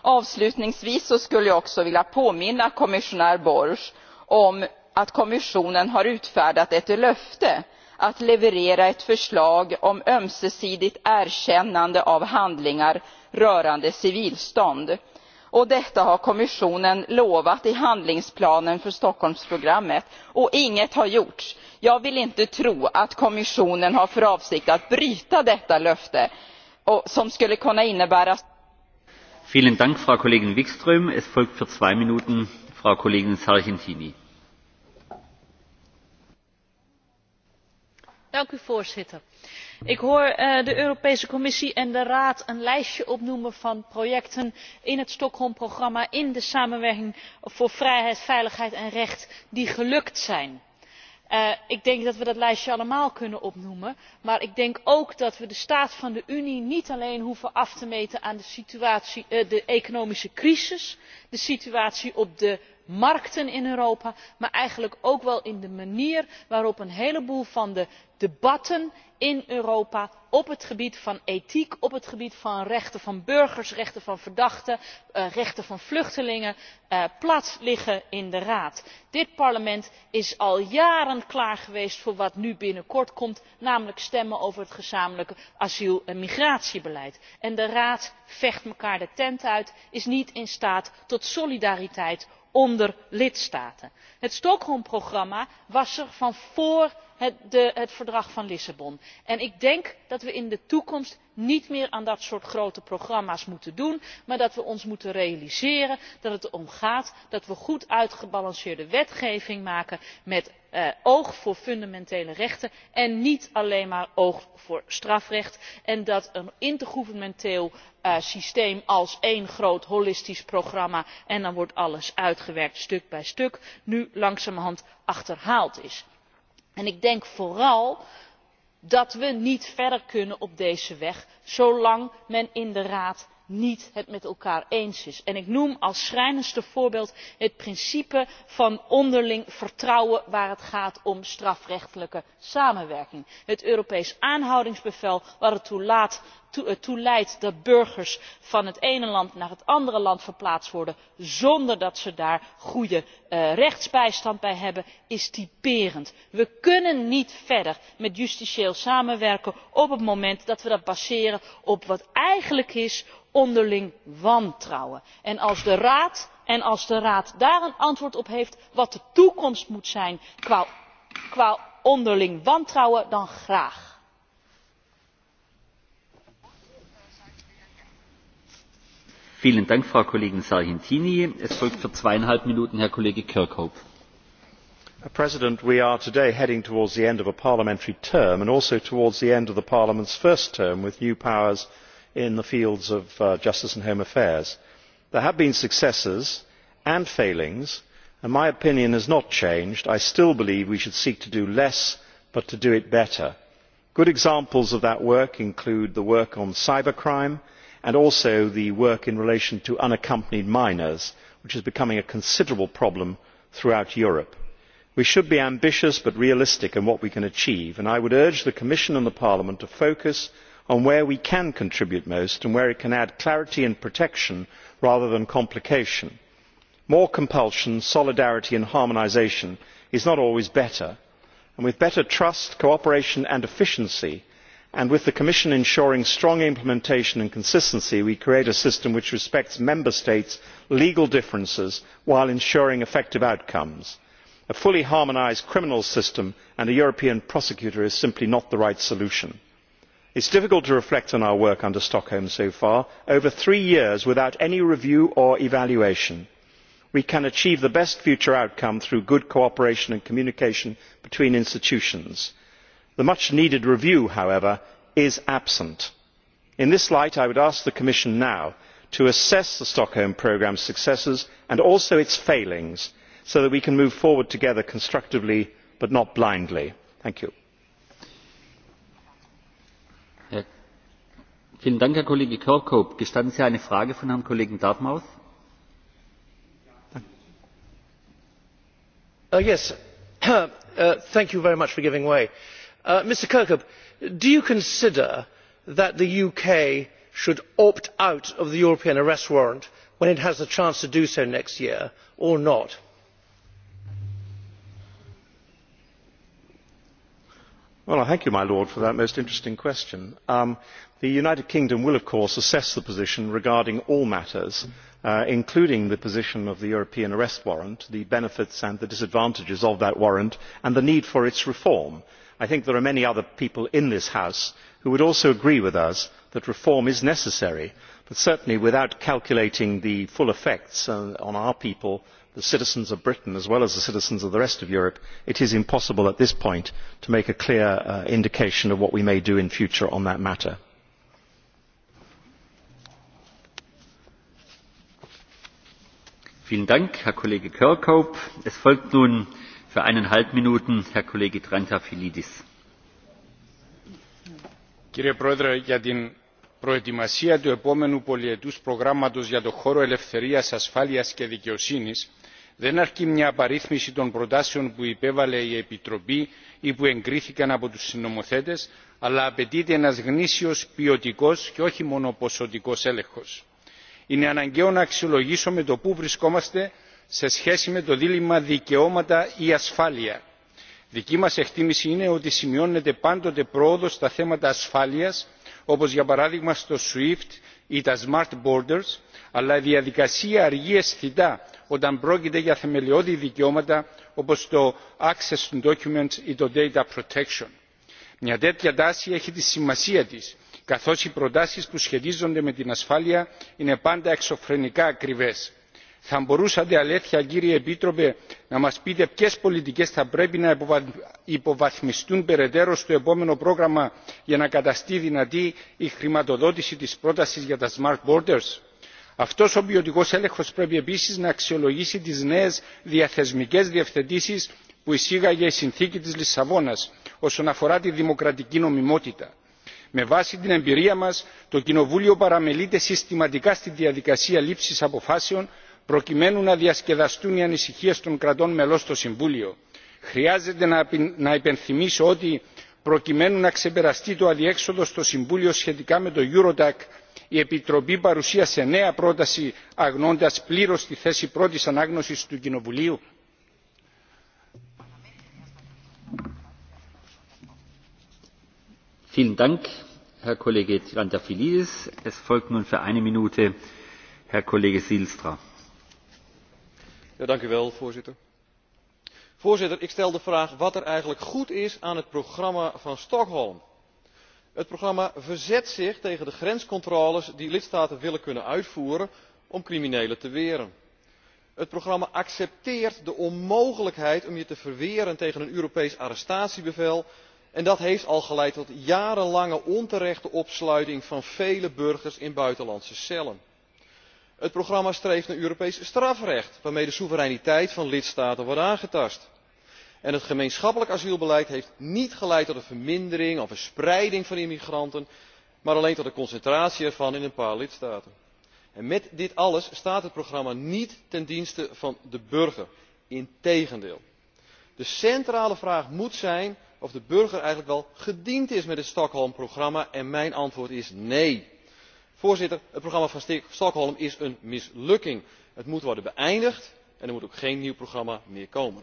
avslutningsvis skulle jag också vilja påminna kommissionär borg om att kommissionen har utfärdat ett löfte att leverera ett förslag om ömsesidigt erkännande av handlingar rörande civilstånd och detta har kommissionen lovat i handlingsplanen för stockholmsprogrammet och inget har gjorts. jag vill inte tro att kommissionen har för avsikt att bryta detta löfte som skulle kunna innebära Es folgt för 2 minuten voorzitter ik hoor eh, de europese commissie en de raad een lijstje opnoemen van projecten in het stockholm programma in de samenwerking voor vrijheid veiligheid en recht die gelukt zijn. Eh, ik denk dat we dat lijstje allemaal kunnen opnoemen maar ik denk ook dat we de staat van de unie niet alleen hoeven af te meten aan de eh, economische crisis de situatie op de markten in europa maar eigenlijk ook wel in de manier waarop een heleboel van de debatten in europa op het gebied van ethiek op het gebied van rechten van burgers rechten van verdachten eh, rechten van vluchtelingen eh, plat liggen in de raad. dit parlement is al jaren klaar geweest voor wat nu binnenkort komt namelijk stemmen over het gezamenlijke asiel en migratiebeleid en de raad vecht elkaar de tent uit is niet in staat tot solidariteit onder lidstaten. het stockholm programma was er van voor het verdrag van lissabon en ik denk dat we in de toekomst niet meer aan dat soort grote programma's moeten doen maar dat we ons moeten realiseren dat het erom gaat dat we goed uitgebalanceerde wetgeving maken met eh, oog voor fundamentele rechten en niet alleen maar oog voor strafrecht en dat een intergouvernementeel eh, systeem als één groot holistisch programma en dan wordt alles uitgewerkt stuk bij stuk nu langzamerhand achterhaald is en ik denk vooral dat we niet verder kunnen op deze weg zolang men in de raad het niet met elkaar eens is. ik noem als schrijnendste voorbeeld het principe van onderling vertrouwen waar het gaat om strafrechtelijke samenwerking het europees aanhoudingsbevel dat ertoe ertoe eh, leidt dat burgers van het ene land naar het andere land verplaatst worden zonder dat ze daar goede eh, rechtsbijstand bij hebben is typerend. we kunnen niet verder met justitieel samenwerken op het moment dat we dat baseren op wat eigenlijk is onderling wantrouwen. En als de raad daar een antwoord op heeft wat de toekomst moet zijn qua onderling wantrouwen dan graag. Mr President, we are today heading towards the end of a parliamentary term and also towards the end of the Parliament's first term with new powers in the fields of uh, justice and home affairs. There have been successes and failings, and my opinion has not changed. I still believe we should seek to do less but to do it better. Good examples of that work include the work on cybercrime and also the work in relation to unaccompanied minors which is becoming a considerable problem throughout europe. we should be ambitious but realistic in what we can achieve and i would urge the commission and parliament to focus on where we can contribute most and where it can add clarity and protection rather than complication. more compulsion solidarity and harmonisation is not always better and with better trust cooperation and efficiency And with the commission ensuring strong implementation and consistency we create a system which respects member states' legal differences while ensuring effective outcomes. a fully harmonised criminal system and a european prosecutor is simply not the right solution. it is difficult to reflect on our work under stockholm so far over three years without any review or evaluation. we can achieve the best future outcome through good cooperation and communication between institutions the much needed review however is absent. in this light i would ask the commission now to assess the stockholm programme's successes and also its failings so that we can move forward together constructively but not blindly. thank you. thank you very much for giving way. Uh, mr kirkhope do you consider that the uk should opt out of the european arrest warrant when it has the chance to do so next year or not? i thank you my lord for that most interesting question. Um, the united kingdom will of course assess the position regarding all matters uh, including the position of the european arrest warrant the benefits and the disadvantages of that warrant and the need for its reform i think there are many other people in this house who would also agree with us that reform is necessary but certainly without calculating the full effects uh, on our people the citizens of britain as well as the citizens of the rest of europe it is impossible at this point to make a clear uh, indication of what we may do in future on that matter. Κύριε Πρόεδρε, για την προετοιμασία του επόμενου πολιετούς προγράμματος για το χώρο ελευθερίας, ασφάλειας και δικαιοσύνης, δεν αρκεί μια απαρίθμηση των προτάσεων που υπέβαλε η επιτροπή ή που εγκρίθηκαν από τους συνομοθέτες αλλά απαιτείται ένας γνήσιος ποιοτικός και όχι μόνο ποσοτικός έλεγχος. είναι αναγκαίο να αξιολογήσουμε το πού βρισκόμαστε σε σχέση με το δίλημμα δικαιώματα ή ασφάλεια. δική μας εκτίμηση είναι ότι σημειώνεται πάντοτε πρόοδος στα θέματα ασφάλειας όπως για παράδειγμα στο swift ή τα smart borders αλλά η διαδικασία αργεί αισθητά όταν πρόκειται για θεμελιώδη δικαιώματα όπως το access to documents ή το data protection. μια τέτοια τάση έχει τη σημασία της καθώς οι προτάσεις που σχετίζονται με την ασφάλεια είναι πάντα εξωφρενικά ακριβές θα μπορούσατε αλήθεια κύριε επίτροπε να μας πείτε ποιες πολιτικές θα πρέπει να υποβαθμιστούν περαιτέρω στο επόμενο πρόγραμμα για να καταστεί δυνατή η χρηματοδότηση της πρότασης για τα smart borders. αυτός ο ποιοτικός έλεγχος πρέπει επίσης να αξιολογήσει τις νέες διαθεσμικές διευθετήσεις που εισήγαγε η συνθήκη της λισαβόνας όσον αφορά τη δημοκρατική νομιμότητα. με βάση την εμπειρία μας το κοινοβούλιο παραμελείται συστηματικά στη διαδικασία λήψης αποφάσεων προκειμένου να διασκεδαστούν οι ανησυχίε των κρατών μελών στο συμβούλιο χρειάζεται να υπενθυμίσω ότι προκειμένου να ξεπεραστεί το αδιέξοδο στο συμβούλιο σχετικά με το eurodac η επιτροπή παρουσίασε νέα πρόταση αγνοώντας πλήρω τη θέση πρώτη ανάγνωση του κοινοβουλίου. herr kollege es folgt nun für eine minute herr kollege voorzitter ik stel de vraag wat er eigenlijk goed is aan het programma van stockholm. het programma verzet zich tegen de grenscontroles die lidstaten willen kunnen uitvoeren om criminelen te weren. het programma accepteert de onmogelijkheid om je te verweren tegen een europees arrestatiebevel en dat heeft al geleid tot jarenlange onterechte opsluiting van vele burgers in buitenlandse cellen het programma streeft naar europees strafrecht waarmee de soevereiniteit van lidstaten wordt aangetast en het gemeenschappelijk asielbeleid heeft niet geleid tot een vermindering of een spreiding van immigranten maar alleen tot een concentratie ervan in een paar lidstaten. En met dit alles staat het programma niet ten dienste van de burger integendeel. de centrale vraag moet zijn of de burger eigenlijk wel gediend is met het Stockholm programma en mijn antwoord is nee voorzitter het programma van stockholm is een mislukking. het moet worden beëindigd en er moet ook geen nieuw programma meer komen.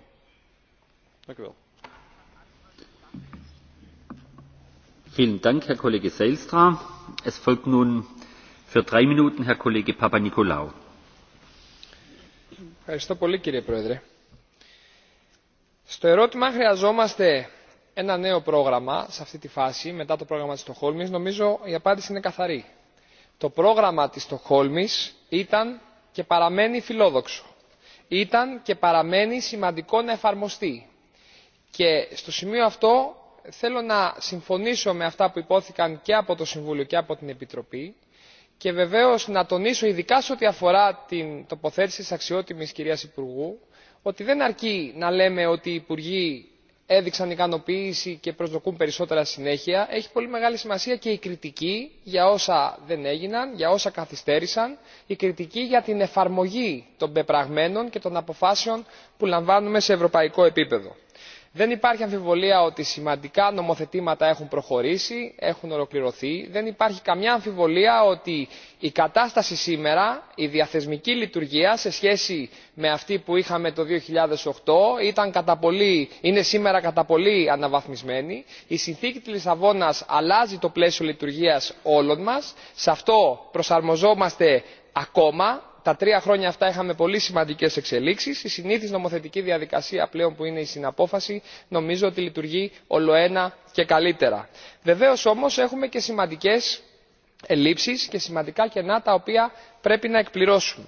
στο ερώτημα αν χρειαζόμαστε ένα νέο πρόγραμμα σε αυτή τη φάση μετά το πρόγραμμα της στοκχόλμης νομίζω η απάντηση είναι καθαρή το πρόγραμμα της στοκχόλμης ήταν και παραμένει φιλόδοξο ήταν και παραμένει σημαντικό να εφαρμοστεί και στο σημείο αυτό θέλω να συμφωνήσω με αυτά που υπόθηκαν και από το συμβούλιο και από την επιτροπή και βεβαίως να τονίσω ειδικά σε ό,τι αφορά την τοποθέτηση της αξιότιμης κυρίας υπουργού ότι δεν αρκεί να λέμε ότι οι υπουργοί έδειξαν ικανοποίηση και προσδοκούν περισσότερα συνέχεια. Έχει πολύ μεγάλη σημασία και η κριτική για όσα δεν έγιναν, για όσα καθυστέρησαν, η κριτική για την εφαρμογή των πεπραγμένων και των αποφάσεων που λαμβάνουμε σε ευρωπαϊκό επίπεδο δεν υπάρχει αμφιβολία ότι σημαντικά νομοθετήματα έχουν προχωρήσει έχουν ολοκληρωθεί δεν υπάρχει καμιά αμφιβολία ότι η κατάσταση σήμερα η διαθεσμική λειτουργία σε σχέση με αυτή που είχαμε το 2008 ήταν κατά πολύ, είναι σήμερα κατά πολύ αναβαθμισμένη η συνθήκη της Λισαβόνας αλλάζει το πλαίσιο λειτουργίας όλων μας σε αυτό προσαρμοζόμαστε ακόμα τα τρία χρόνια αυτά είχαμε πολύ σημαντικέ εξελίξει. η συνήθι νομοθετική διαδικασία πλέον που είναι η συναπόφαση νομίζω ότι λειτουργεί ολοένα και καλύτερα. βεβαίω όμω έχουμε και σημαντικέ ελλείψει και σημαντικά κενά τα οποία πρέπει να εκπληρώσουμε.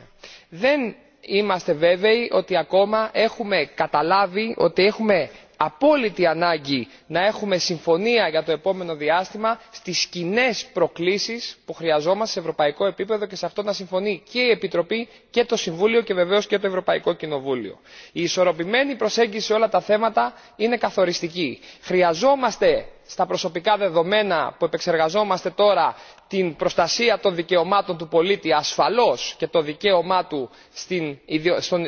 δεν είμαστε βέβαιοι ότι ακόμα έχουμε καταλάβει ότι έχουμε απόλυτη ανάγκη να έχουμε συμφωνία για το επόμενο διάστημα στις κοινέ προκλήσεις που χρειαζόμαστε σε ευρωπαϊκό επίπεδο και σε αυτό να συμφωνεί και η επιτροπή και το συμβούλιο και βεβαίως και το ευρωπαϊκό κοινοβούλιο. η ισορροπημένη προσέγγιση σε όλα τα θέματα είναι καθοριστική. χρειαζόμαστε στα προσωπικά δεδομένα που επεξεργαζόμαστε τώρα την προστασία των δικαιωμάτων του πολίτη ασφαλώς και το δικαίωμά του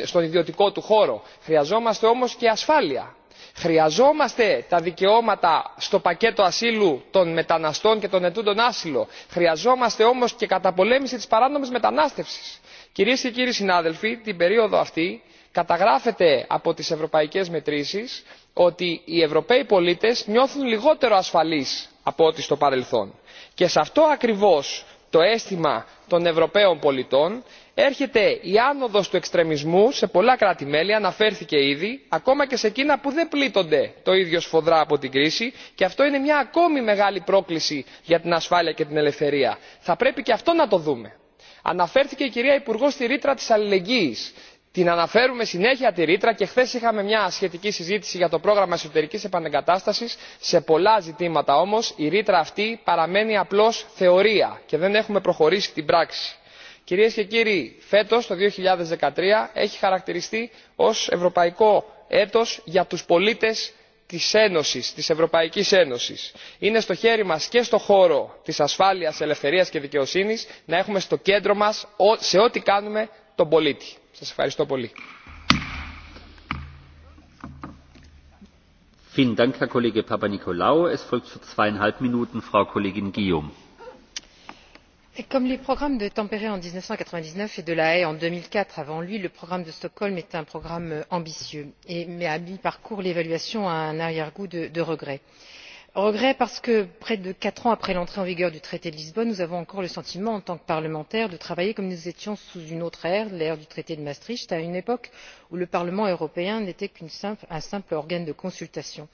στον ιδιωτικό του χώρο χρειαζόμαστε όμως και ασφάλεια χρειαζόμαστε τα δικαιώματα στο πακέτο ασύλου των μεταναστών και των ετούντων άσυλο χρειαζόμαστε όμως και καταπολέμηση της παράνομης μετανάστευσης. κυρίες και κύριοι συνάδελφοι την περίοδο αυτή καταγράφεται από τις ευρωπαϊκές μετρήσεις ότι οι ευρωπαίοι πολίτες νιώθουν λιγότερο ασφαλείς από ό,τι στο παρελθόν και σε αυτό ακριβώς το αίσθημα των ευρωπαίων πολιτών έρχεται η άνοδος του εξτρεμισμού σε πολλά κράτη μέλη αναφέρθηκε ήδη ακόμα και σε εκείνα που δεν πλήττονται το ίδιο σφοδρά από την κρίση και αυτό είναι μια ακόμη μεγάλη πρόκληση για την ασφάλεια και την ελευθερία. θα πρέπει και αυτό να το δούμε. αναφέρθηκε η κυρία υπουργό στη ρήτρα της αλληλεγγύης την αναφέρουμε συνέχεια τη ρήτρα και χθε είχαμε μια σχετική συζήτηση για το πρόγραμμα εσωτερική επανεκατάσταση. σε πολλά ζητήματα όμω, η ρήτρα αυτή παραμένει απλώ θεωρία και δεν έχουμε προχωρήσει στην πράξη. Κυρίε και κύριοι φέτος το 2013 έχει χαρακτηριστεί ω ευρωπαϊκό έτο για του πολίτε τη Ένωση, τη Ευρωπαϊκή Ένωση. είναι στο χέρι μα και στο χώρο τη ασφάλεια, ελευθερία και δικαιοσύνη να έχουμε στο κέντρο μα σε ό,τι κάνουμε τον πολίτη. Σας ευχαριστώ πολύ. Vielen Dank, Herr Kollege Papanikolaou. Es folgt für zweieinhalb Minuten Frau Kollegin Guillaume. Comme les programmes de Tampere en 1999 et de La Haye en 2004 avant lui, le programme de Stockholm est un programme ambitieux, et, mais à mi-parcours, l'évaluation a un arrière-goût de, de regret regret parce que près de quatre ans après l'entrée en vigueur du traité de lisbonne nous avons encore le sentiment en tant que parlementaires de travailler comme si nous étions sous une autre ère l'ère du traité de maastricht à une époque où le parlement européen n'était qu'un simple organe de consultation.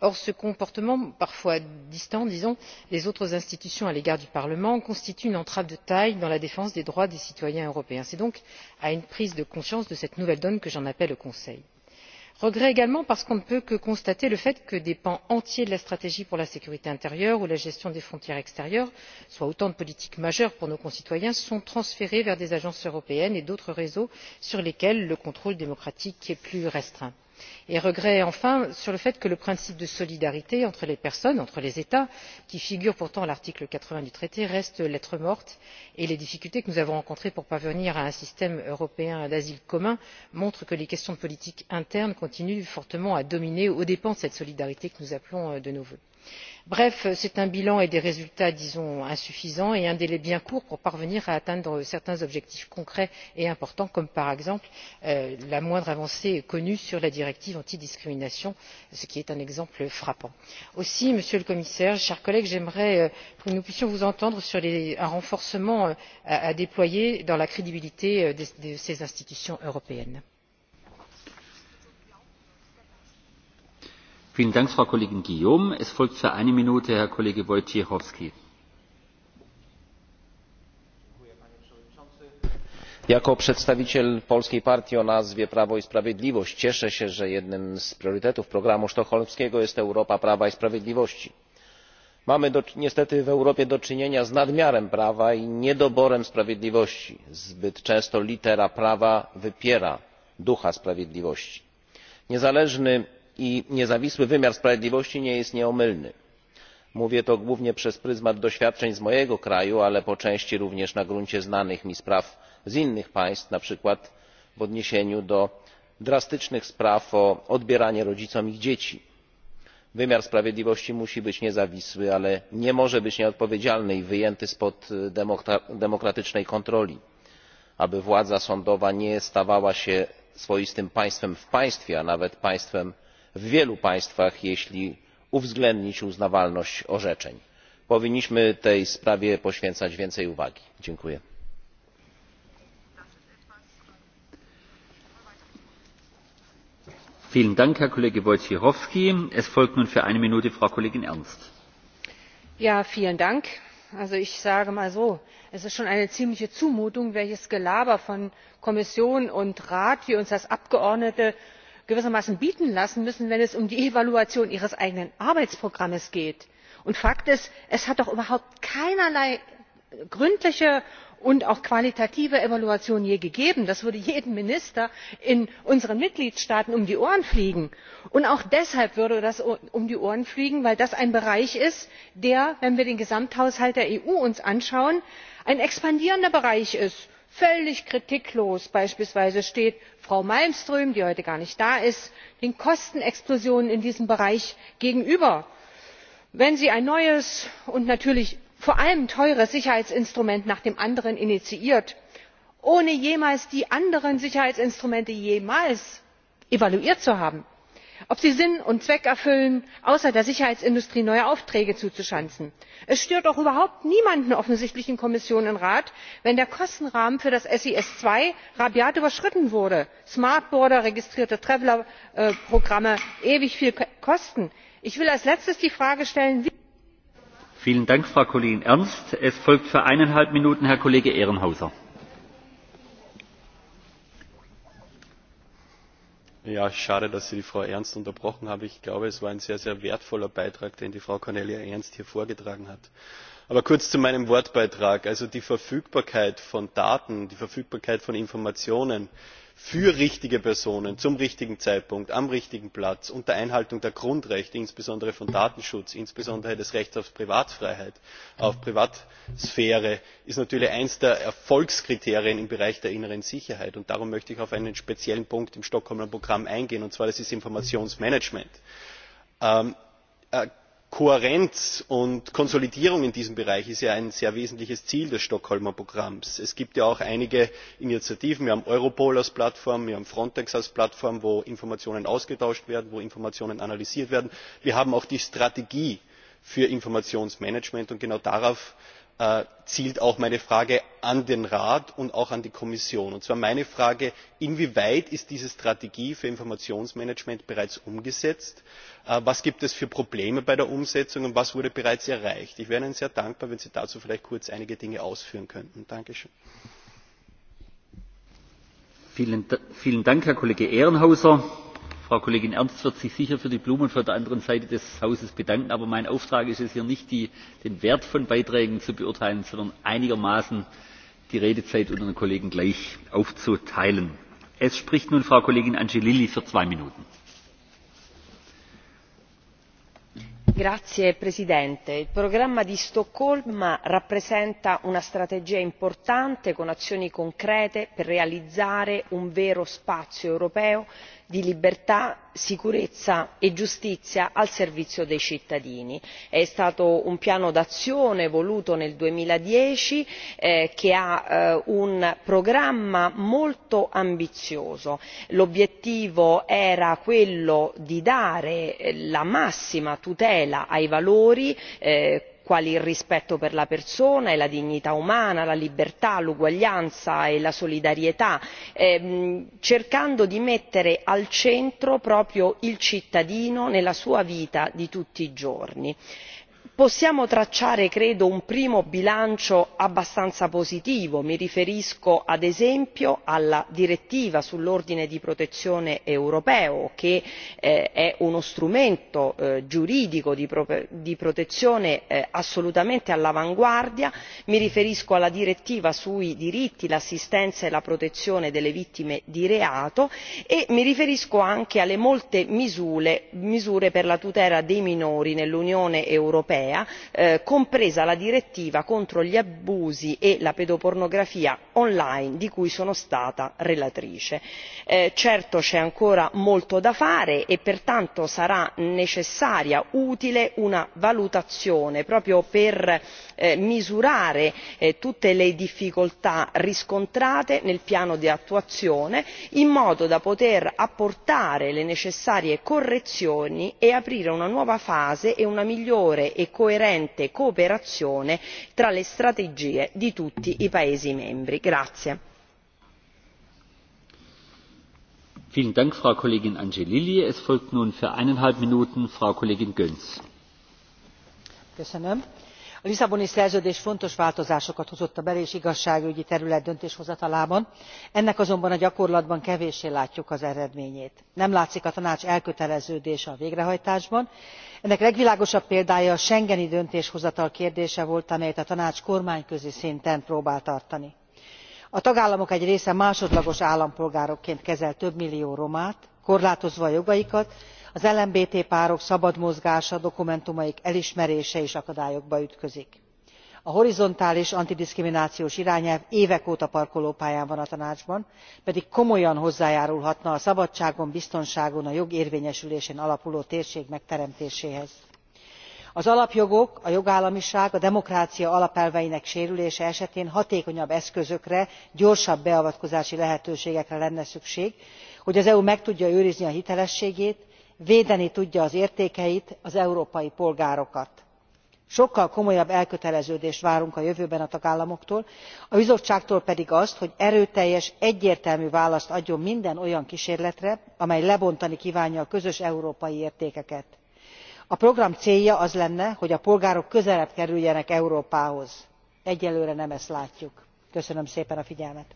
or ce comportement parfois distant disons des autres institutions à l'égard du parlement constitue une entrave de taille dans la défense des droits des citoyens européens. c'est donc à une prise de conscience de cette nouvelle donne que j'en appelle au conseil regret également parce qu'on ne peut que constater le fait que des pans entiers de la stratégie pour la sécurité intérieure ou la gestion des frontières extérieures soit autant de politiques majeures pour nos concitoyens sont transférés vers des agences européennes et d'autres réseaux sur lesquels le contrôle démocratique est plus restreint et regret, enfin sur le fait que le principe de solidarité entre les personnes entre les états qui figure pourtant à l'article quatre vingts du traité reste lettre morte et les difficultés que nous avons rencontrées pour parvenir à un système européen d'asile commun montrent que les questions de politique interne continuent fortement à dominer aux dépens de cette solidarité que nous appelons de nos vœux bref c'est un bilan et des résultats disons insuffisants et un délai bien court pour parvenir à atteindre certains objectifs concrets et importants comme par exemple euh, la moindre avancée connue sur la directive antidiscrimination ce qui est un exemple frappant. aussi monsieur le commissaire chers collègues j'aimerais euh, que nous puissions vous entendre sur un renforcement euh, à déployer dans la crédibilité de ces institutions européennes. jako przedstawiciel polskiej partii o nazwie prawo i sprawiedliwość cieszę się że jednym z priorytetów programu sztokholmskiego jest europa prawa i sprawiedliwości. mamy niestety w europie do czynienia z nadmiarem prawa i niedoborem sprawiedliwości. zbyt często litera prawa wypiera ducha sprawiedliwości. niezależny i niezawisły wymiar sprawiedliwości nie jest nieomylny. mówię to głównie przez pryzmat doświadczeń z mojego kraju ale po części również na gruncie znanych mi spraw z innych państw na przykład w odniesieniu do drastycznych spraw o odbieranie rodzicom ich dzieci. wymiar sprawiedliwości musi być niezawisły ale nie może być nieodpowiedzialny i wyjęty spod demokratycznej kontroli aby władza sądowa nie stawała się swoistym państwem w państwie a nawet państwem w wielu państwach jeśli uwzględnić uznawalność orzeczeń. powinniśmy tej sprawie poświęcać więcej uwagi. dziękuję. Ja, vielen Dank. Also ich sage mal so es ist schon eine ziemliche zumutung welches gelaber von kommission und rat wir uns als abgeordnete gewissermaßen bieten lassen müssen wenn es um die evaluation ihres eigenen arbeitsprogramms geht. fakt ist es hat doch überhaupt keinerlei gründliche und auch qualitative evaluation je gegeben. das würde jedem minister in unseren mitgliedstaaten um die ohren fliegen. und auch deshalb würde das um die ohren fliegen weil das ein bereich ist der wenn wir uns den gesamthaushalt der eu anschauen ein expandierender bereich ist völlig kritiklos beispielsweise steht frau malmström die heute gar nicht da ist den kostenexplosionen in diesem bereich gegenüber. wenn sie ein neues und natürlich vor allem teures sicherheitsinstrument nach dem anderen initiiert ohne die anderen sicherheitsinstrumente jemals evaluiert zu haben ob sie sinn und zweck erfüllen außer der sicherheitsindustrie neue aufträge zuzuschanzen. es stört auch überhaupt niemanden offensichtlich in kommission und rat wenn der kostenrahmen für das sis ii rabiat überschritten wurde smart border registrierte traveller äh, programme ewig viel kosten. ich will als letztes die frage stellen wie vielen dank frau kollegin ernst! es folgt für eineinhalb minuten herr kollege ehrenhauser. Ja, schade, dass Sie die Frau Ernst unterbrochen haben. Ich glaube, es war ein sehr, sehr wertvoller Beitrag, den die Frau Cornelia Ernst hier vorgetragen hat. Aber kurz zu meinem Wortbeitrag. Also die Verfügbarkeit von Daten, die Verfügbarkeit von Informationen für richtige personen zum richtigen zeitpunkt am richtigen platz unter einhaltung der grundrechte insbesondere von datenschutz insbesondere des rechts auf Privatfreiheit, auf privatsphäre ist natürlich eines der erfolgskriterien im bereich der inneren sicherheit. darum möchte ich auf einen speziellen punkt im stockholmer programm eingehen und zwar das informationsmanagement. Ähm, äh, kohärenz und konsolidierung in diesem bereich ist ja ein sehr wesentliches ziel des stockholmer programms. es gibt ja auch einige initiativen wir haben europol als plattform wir haben frontex als plattform wo informationen ausgetauscht werden wo informationen analysiert werden. wir haben auch die strategie für informationsmanagement und genau darauf Äh, zielt auch meine frage an den rat und auch an die kommission und zwar meine frage inwieweit ist diese strategie für informationsmanagement bereits umgesetzt äh, was gibt es für probleme bei der umsetzung und was wurde bereits erreicht? ich wäre ihnen sehr dankbar wenn sie dazu vielleicht kurz einige dinge ausführen könnten. vielen dank herr kollege ehrenhauser! frau kollegin ernst wird sich sicher für die blumen von der anderen seite des hauses bedanken aber mein auftrag ist es hier nicht den wert von beiträgen zu beurteilen sondern einigermaßen die redezeit unter den kollegen gleich aufzuteilen. es spricht nun frau kollegin angelilli für zwei minuten. il programma di Stockholm rappresenta una strategia importante con azioni concrete per realizzare un vero spazio europeo di libertà sicurezza e giustizia al servizio dei cittadini. è stato un piano d'azione voluto nel duemiladieci eh, che ha eh, un programma molto ambizioso l'obiettivo era quello di dare eh, la massima tutela ai valori quali il rispetto per la persona e la dignità umana la libertà l'uguaglianza e la solidarietà ehm, cercando di mettere al centro proprio il cittadino nella sua vita di tutti i giorni possiamo tracciare credo un primo bilancio abbastanza positivo mi riferisco ad esempio alla direttiva sull'ordine di protezione europeo che eh, è uno strumento eh, giuridico di protezione eh, assolutamente all'avanguardia mi riferisco alla direttiva sui diritti l'assistenza e la protezione delle vittime di reato e mi riferisco anche alle molte misure per la tutela dei minori nell'unione europea europea eh, compresa la direttiva contro gli abusi e la pedopornografia online di cui sono stata relatrice. Eh, certo c'è ancora molto da fare e pertanto sarà necessaria utile una valutazione proprio per Eh, misurare eh, tutte le difficoltà riscontrate nel piano di attuazione in modo da poter apportare le necessarie correzioni e aprire una nuova fase e una migliore e coerente cooperazione tra le strategie di tutti i paesi membri a lisszaboni szerződés fontos változásokat hozott a bel és igazságügyi terület döntéshozatalában ennek azonban a gyakorlatban kevéssé látjuk az eredményét. nem látszik a tanács elköteleződése a végrehajtásban ennek legvilágosabb példája a schengeni döntéshozatal kérdése volt amelyet a tanács kormányközi szinten próbált tartani. a tagállamok egy része másodlagos állampolgárokként kezel több millió romát korlátozva jogaikat az lmbt párok szabad mozgása dokumentumaik elismerése is akadályokba ütközik. a horizontális antidiszkriminációs irányelv évek óta parkolópályán van a tanácsban pedig komolyan hozzájárulhatna a szabadságon biztonságon a jog érvényesülésén alapuló térség megteremtéséhez. az alapjogok a jogállamiság a demokrácia alapelveinek sérülése esetén hatékonyabb eszközökre gyorsabb beavatkozási lehetőségekre lenne szükség hogy az eu meg tudja őrizni a hitelességét védeni tudja az értékeit az európai polgárokat. sokkal komolyabb elköteleződést várunk a jövőben a tagállamoktól a bizottságtól pedig azt hogy erőteljes egyértelmű választ adjon minden olyan ksérletre amely lebontani kvánja a közös európai értékeket. a program célja az lenne hogy a polgárok közelebb kerüljenek európához. egyelőre nem ezt látjuk. köszönöm szépen a figyelmet.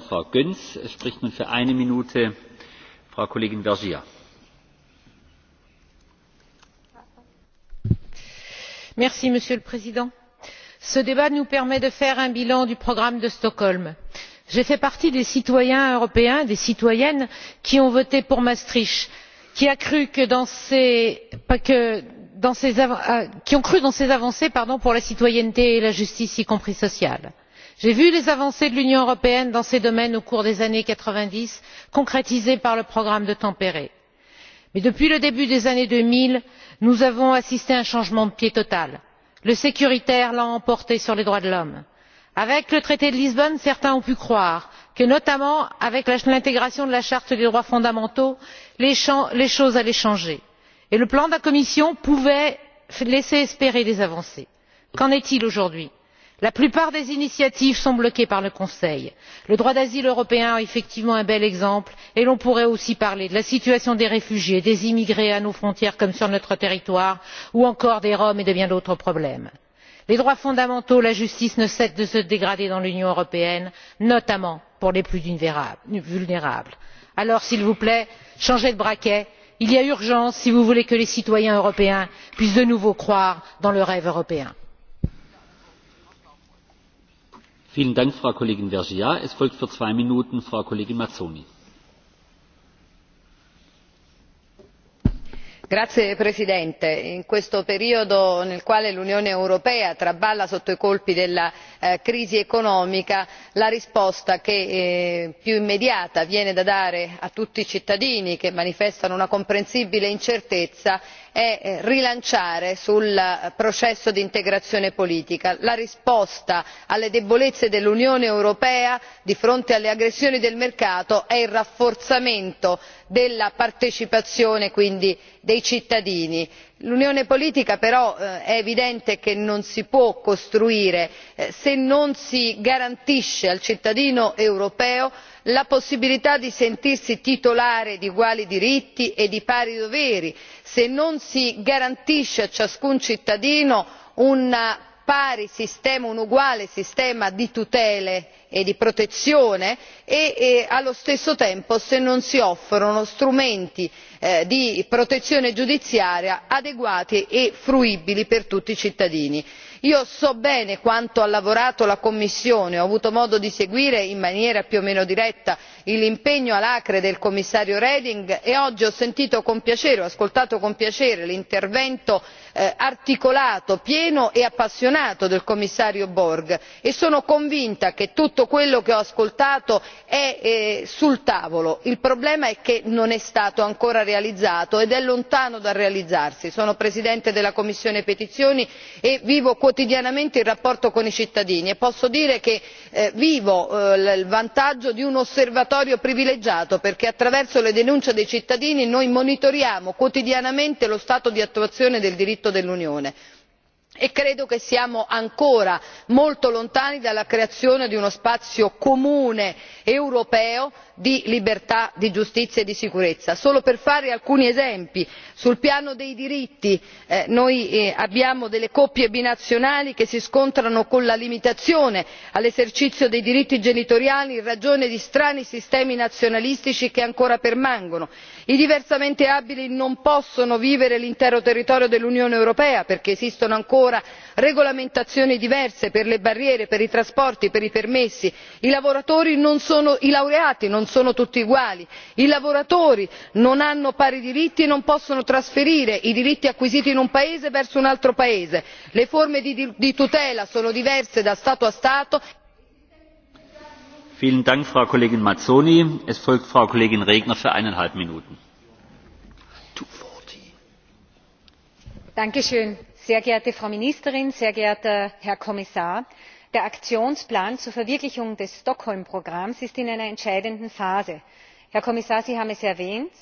Frau Es spricht nun für eine Minute Frau Kollegin Merci, Monsieur le Président. Ce débat nous permet de faire un bilan du programme de Stockholm. J'ai fait partie des citoyens européens, des citoyennes qui ont voté pour Maastricht, qui a cru que euh, ont cru dans ces avancées pour la citoyenneté et la justice, y compris sociale j'ai vu les avancées de l'union européenne dans ces domaines au cours des années quatre vingt dix concrétisées par le programme de tampere mais depuis le début des années deux mille nous avons assisté à un changement de pied total. le sécuritaire l'a emporté sur les droits de l'homme. avec le traité de lisbonne certains ont pu croire que notamment avec l'intégration de la charte des droits fondamentaux les choses allaient changer et le plan de la commission pouvait laisser espérer des avancées. qu'en est il aujourd'hui? la plupart des initiatives sont bloquées par le conseil. le droit d'asile européen est effectivement un bel exemple et l'on pourrait aussi parler de la situation des réfugiés des immigrés à nos frontières comme sur notre territoire ou encore des roms et de bien d'autres problèmes. les droits fondamentaux la justice ne cessent de se dégrader dans l'union européenne notamment pour les plus vulnérables. alors s'il vous plaît changez de braquet il y a urgence si vous voulez que les citoyens européens puissent de nouveau croire dans le rêve européen. Vielen Dank, Frau Kollegin Vergia. Es folgt für zwei Minuten Frau Kollegin Mazzoni. signor presidente onorevoli colleghi in questo periodo nel quale l'unione europea traballa sotto i colpi della eh, crisi economica la risposta che eh, più immediata viene da dare a tutti i cittadini che manifestano una comprensibile incertezza è eh, rilanciare sul processo di integrazione politica la risposta alle debolezze dell'unione europea di fronte alle aggressioni del mercato è il rafforzamento della partecipazione quindi dei cittadini. l'unione politica però eh, è evidente che non si può costruire eh, se non si garantisce al cittadino europeo la possibilità di sentirsi titolare di uguali diritti e di pari doveri se non si garantisce a ciascun cittadino una pari sistema un uguale sistema di tutele e di protezione e, e allo stesso tempo se non si offrono strumenti eh, di protezione giudiziaria adeguati e fruibili per tutti i cittadini. io so bene quanto ha lavorato la commissione ho avuto modo di seguire in maniera più o meno diretta l'impegno alacre del commissario reding e oggi ho sentito con piacere ho ascoltato con piacere l'intervento Eh, articolato pieno e appassionato del commissario borg e sono convinta che tutto quello che ho ascoltato è eh, sul tavolo il problema è che non è stato ancora realizzato ed è lontano dal realizzarsi. sono presidente della commissione petizioni e vivo quotidianamente il rapporto con i cittadini e posso dire che eh, vivo il vantaggio di un osservatorio privilegiato perché attraverso le denunce dei cittadini noi monitoriamo quotidianamente lo stato di attuazione del diritto dell'unione e credo che siamo ancora molto lontani dalla creazione di uno spazio comune europeo di libertà di giustizia e di sicurezza. solo per fare alcuni esempi sul piano dei diritti eh, noi eh, abbiamo delle coppie binazionali che si scontrano con la limitazione all'esercizio dei diritti genitoriali in ragione di strani sistemi nazionalistici che ancora permangono i diversamente abili non possono vivere l'intero territorio dell'unione europea perché esistono ancora regolamentazioni diverse per le barriere per i trasporti per i permessi i laureati non sono tutti uguali i lavoratori non hanno pari diritti e non possono trasferire i diritti acquisiti in un paese verso un altro paese le forme di tutela sono diverse da stato a stato. Frau Kollegin Mazzoni. Es folgt Frau Kollegin Regner für eineinhalb Minuten. Sehr geehrte Frau Ministerin, sehr geehrter Herr Kommissar, der Aktionsplan zur Verwirklichung des Stockholm Programms ist in einer entscheidenden Phase. Herr Kommissar, Sie haben es erwähnt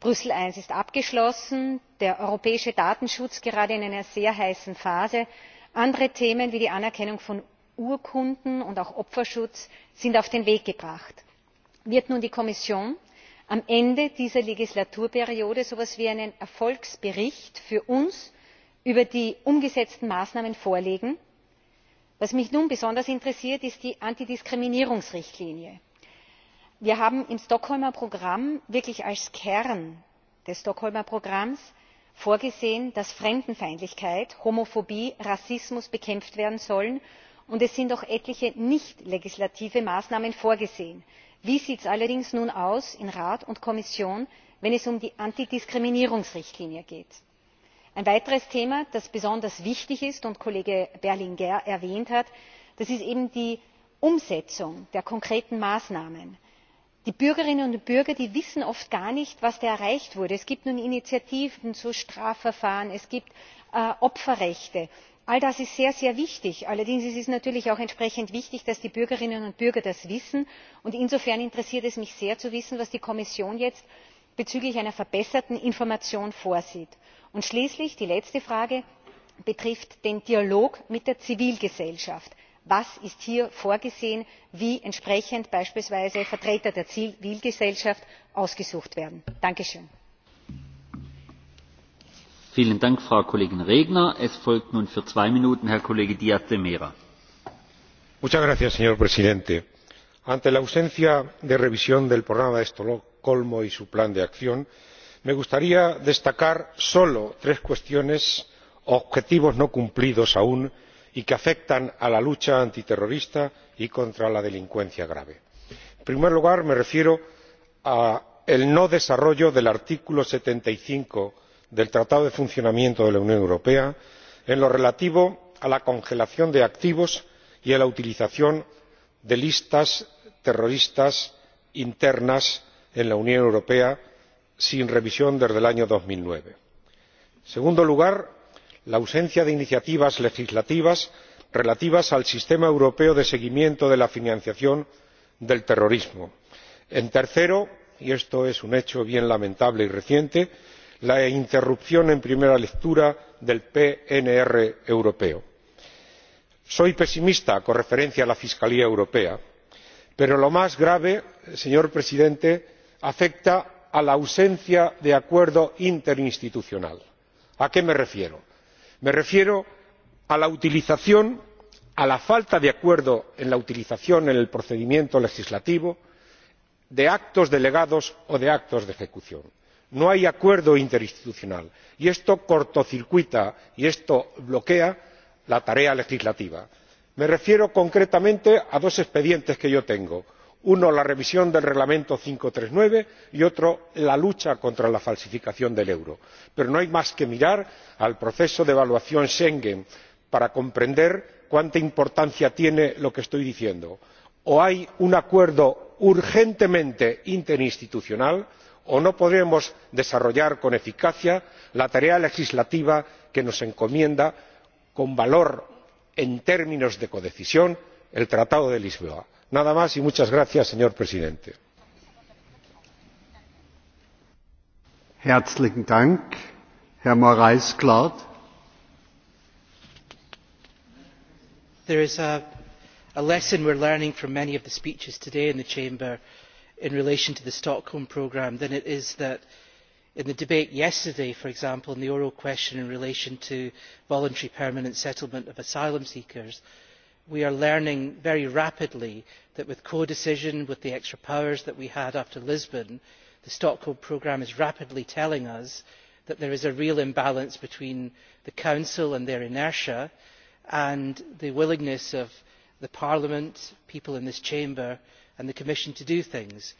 Brüssel I ist abgeschlossen, der europäische Datenschutz gerade in einer sehr heißen Phase, andere Themen wie die Anerkennung von urkunden und auch opferschutz sind auf den weg gebracht. wird nun die kommission am ende dieser legislaturperiode so etwas wie einen erfolgsbericht für uns über die umgesetzten maßnahmen vorlegen? was mich nun besonders interessiert ist die antidiskriminierungsrichtlinie. wir haben im stockholmer programm wirklich als kern des stockholmer programms vorgesehen dass fremdenfeindlichkeit homophobie rassismus bekämpft werden sollen und es sind auch etliche nicht legislative maßnahmen vorgesehen. wie sieht es allerdings nun aus in rat und kommission wenn es um die antidiskriminierungsrichtlinie geht? ein weiteres thema das besonders wichtig ist und kollege berlinguer erwähnt hat ist eben die umsetzung der konkreten maßnahmen. die bürgerinnen und bürger wissen oft gar nicht was da erreicht wurde. es gibt nun initiativen zu strafverfahren es gibt äh, opferrechte all das ist sehr sehr wichtig. allerdings ist es natürlich auch entsprechend wichtig dass die bürgerinnen und bürger das wissen und insofern interessiert es mich sehr zu wissen was die kommission jetzt bezüglich einer verbesserten information vorsieht. und schließlich die letzte frage betrifft den dialog mit der zivilgesellschaft was ist hier vorgesehen wie entsprechend beispielsweise vertreter der zivilgesellschaft ausgesucht werden? danke señor presidente. Ante la ausencia de revisión del programa de Estocolmo y su plan de acción, me gustaría destacar solo tres cuestiones objetivos no cumplidos aún y que afectan a la lucha antiterrorista y contra la delincuencia grave. en primer lugar me refiero al no desarrollo del artículo setenta y cinco del tratado de funcionamiento de la unión europea en lo relativo a la congelación de activos y a la utilización de listas terroristas internas en la unión europea sin revisión desde el año. dos mil nueve en segundo lugar la ausencia de iniciativas legislativas relativas al sistema europeo de seguimiento de la financiación del terrorismo. en tercer lugar y esto es un hecho bien lamentable y reciente la interrupción en primera lectura del pnr europeo. soy pesimista con referencia a la fiscalía europea pero lo más grave señor presidente afecta a la ausencia de acuerdo interinstitucional. a qué me refiero? me refiero a la utilización a la falta de acuerdo en la utilización en el procedimiento legislativo de actos delegados o de actos de ejecución no hay acuerdo interinstitucional y esto cortocircuita y esto bloquea la tarea legislativa. me refiero concretamente a dos expedientes que yo tengo uno la revisión del reglamento n quinientos treinta y nueve y otro la lucha contra la falsificación del euro pero no hay más que mirar al proceso de evaluación schengen para comprender cuánta importancia tiene lo que estoy diciendo. o hay un acuerdo urgentemente interinstitucional o no podremos desarrollar con eficacia la tarea legislativa que nos encomienda con valor en términos de codecisión el tratado de lisboa. nada más y muchas gracias señor presidente. there is a lesson we are learning from many of the speeches today in the chamber in relation to the stockholm programme than it is that in the debate yesterday for example on the oral question in relation to voluntary permanent settlement of asylum seekers we are learning very rapidly that with codecision with the extra powers that we had after lisbon the stockholm programme is rapidly telling us that there is a real imbalance between the council and their inertia and the willingness of parliament people in this chamber and the commission to do things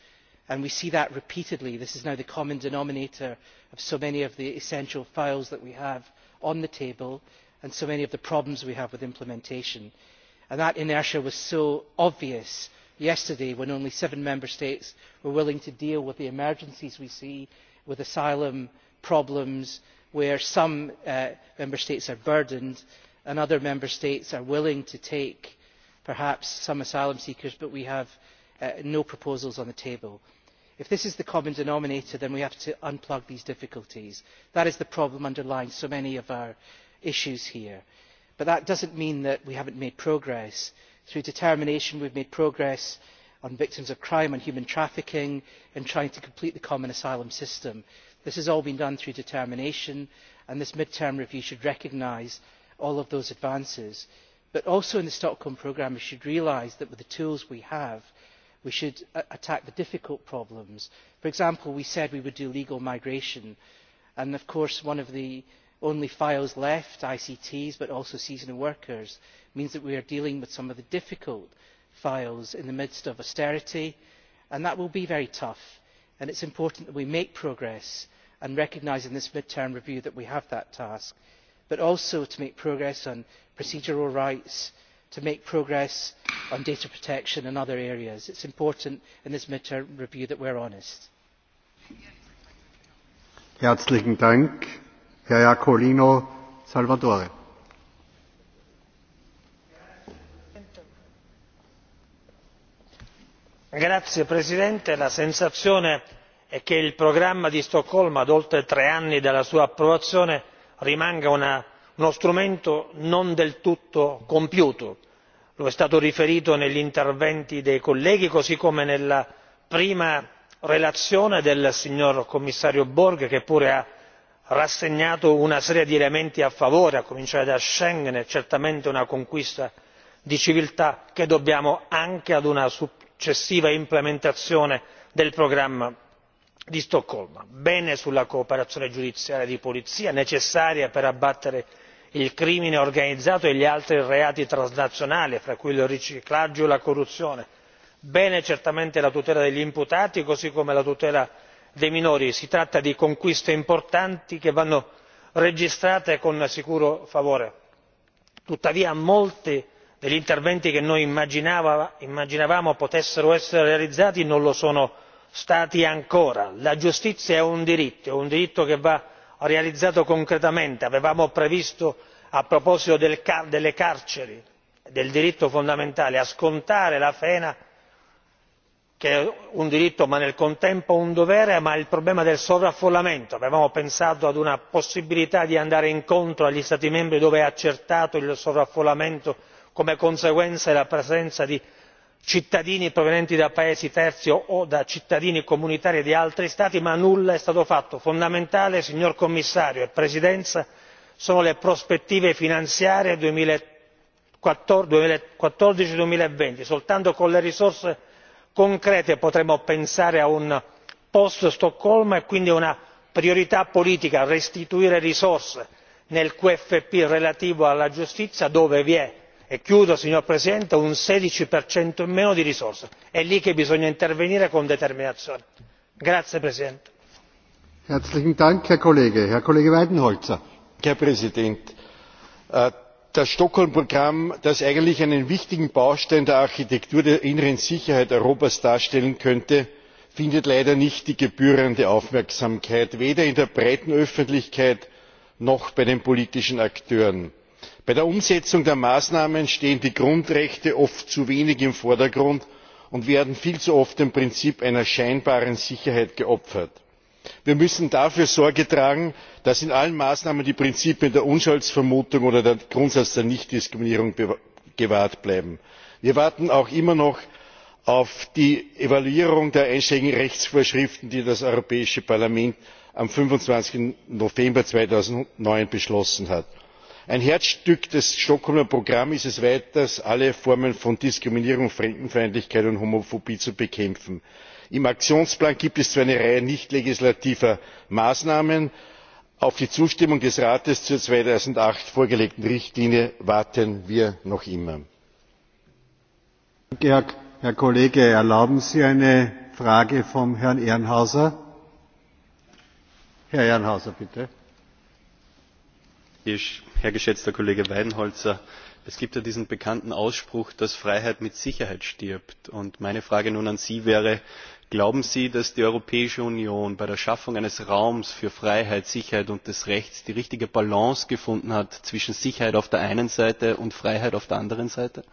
and we see that repeatedly. this is now the common denominator of so many of the essential files that we have on the table and so many of the problems we have with implementation. that inertia was so obvious yesterday when only seven member states were willing to deal with the emergencies we see with asylum problems where some uh, member states are burdened and other member states are willing to take perhaps some asylum seekers but we have Uh, no proposals on the table. if this is the common denominator then we have to unplug these difficulties. that is the problem underlying so many of our issues here but that does not mean that we have not made progress. through determination we have made progress on victims of crime and human trafficking and trying to complete the common asylum system. this has all been done through determination and this mid term review should recognise all of those advances. but also in the stockholm programme we should realise that with the tools we have we should uh, attack the difficult problems. for example we said we would do legal migration and of course one of the only files left icts but also seasonal workers means that we are dealing with some of the difficult files in the midst of austerity and that will be very tough. it is important that we make progress and recognise in this mid term review that we have that task but also to make progress on procedural rights to make progress on data protection and other areas. it is important in this mid term review that we are honest. signor presidente la sensazione è che il programma di stoccolma ad oltre tre anni dalla sua approvazione rimanga una uno strumento non del tutto compiuto lo è stato riferito negli interventi dei colleghi così come nella prima relazione del signor commissario borg che pure ha rassegnato una serie di elementi a favore a cominciare da schengen certamente una conquista di civiltà che dobbiamo anche ad una successiva implementazione del programma di stoccolma. bene sulla cooperazione giudiziaria di polizia necessaria per abbattere il crimine organizzato e gli altri reati transnazionali fra cui il riciclaggio e la corruzione. bene certamente la tutela degli imputati così come la tutela dei minori si tratta di conquiste importanti che vanno registrate con sicuro favore. tuttavia molti degli interventi che noi immaginavamo potessero essere realizzati non lo sono stati ancora. la giustizia è un diritto è un diritto che va realizzato concretamente avevamo previsto a proposito delle carceri del diritto fondamentale a scontare la pena che è un diritto ma nel contempo un dovere ma il problema del sovraffollamento avevamo pensato ad una possibilità di andare incontro agli stati membri dove è accertato il sovraffollamento come conseguenza della presenza di cittadini provenienti da paesi terzi o da cittadini comunitari di altri stati ma nulla è stato fatto. Fondamentale, signor commissario e presidenza sono le prospettive finanziarie duemilaquattordici duemilaventi soltanto con le risorse concrete potremo pensare a un post stoccolma e quindi una priorità politica restituire risorse nel qfp relativo alla giustizia dove vi è e chiudo signor presidente un sedici in meno di risorse è lì che bisogna intervenire con determinazione. herr präsident! Äh, das stockholm programm das eigentlich einen wichtigen baustein der architektur der inneren sicherheit europas darstellen könnte findet leider nicht die gebührende aufmerksamkeit weder in der breiten öffentlichkeit noch bei den politischen akteuren bei der umsetzung der maßnahmen stehen die grundrechte oft zu wenig im vordergrund und werden viel zu oft dem prinzip einer scheinbaren sicherheit geopfert. wir müssen dafür sorge tragen dass in allen maßnahmen die prinzipien der unschuldsvermutung oder der grundsatz der nichtdiskriminierung gewahrt bleiben. wir warten auch immer noch auf die evaluierung der einschlägigen rechtsvorschriften die das europäische parlament am. fünfundzwanzig november zweitausendneun beschlossen hat ein herzstück des stockholmer programms ist es weiters alle formen von diskriminierung fremdenfeindlichkeit und homophobie zu bekämpfen. im aktionsplan gibt es zwar eine reihe nicht legislativer maßnahmen auf die zustimmung des rates zur zweitausendacht vorgelegten richtlinie warten wir noch immer. herr kollege erlauben sie eine frage von herrn ehrenhauser? herr ehrenhauser bitte! herr geschätzter kollege weidenholzer! es gibt ja diesen bekannten ausspruch dass freiheit mit sicherheit stirbt. meine frage nun an sie wäre glauben sie dass die europäische union bei der schaffung eines raums für freiheit sicherheit und des rechts die richtige balance gefunden hat zwischen sicherheit auf der einen seite und freiheit auf der anderen seite?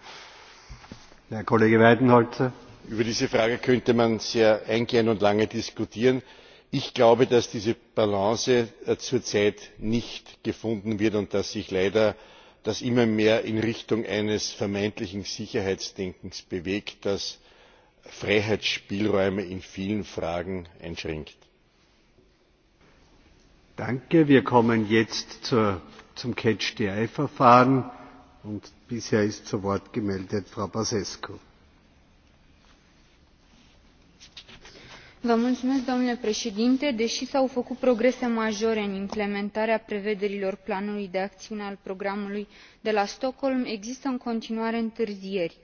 herr kollege weidenholzer! über diese frage könnte man sehr eingehend und lange diskutieren ich glaube dass diese balance äh, zurzeit nicht gefunden wird und dass sich leider immer mehr in richtung eines vermeintlichen sicherheitsdenkens bewegt das freiheitsspielräume in vielen fragen einschränkt. wir kommen jetzt zum verfahren und bisher ist zu wort gemeldet frau bsescu. deși s au făcut progrese majore în implementarea prevederilor planului de acțiune al programului de la stockholm există în continuare întârzieri.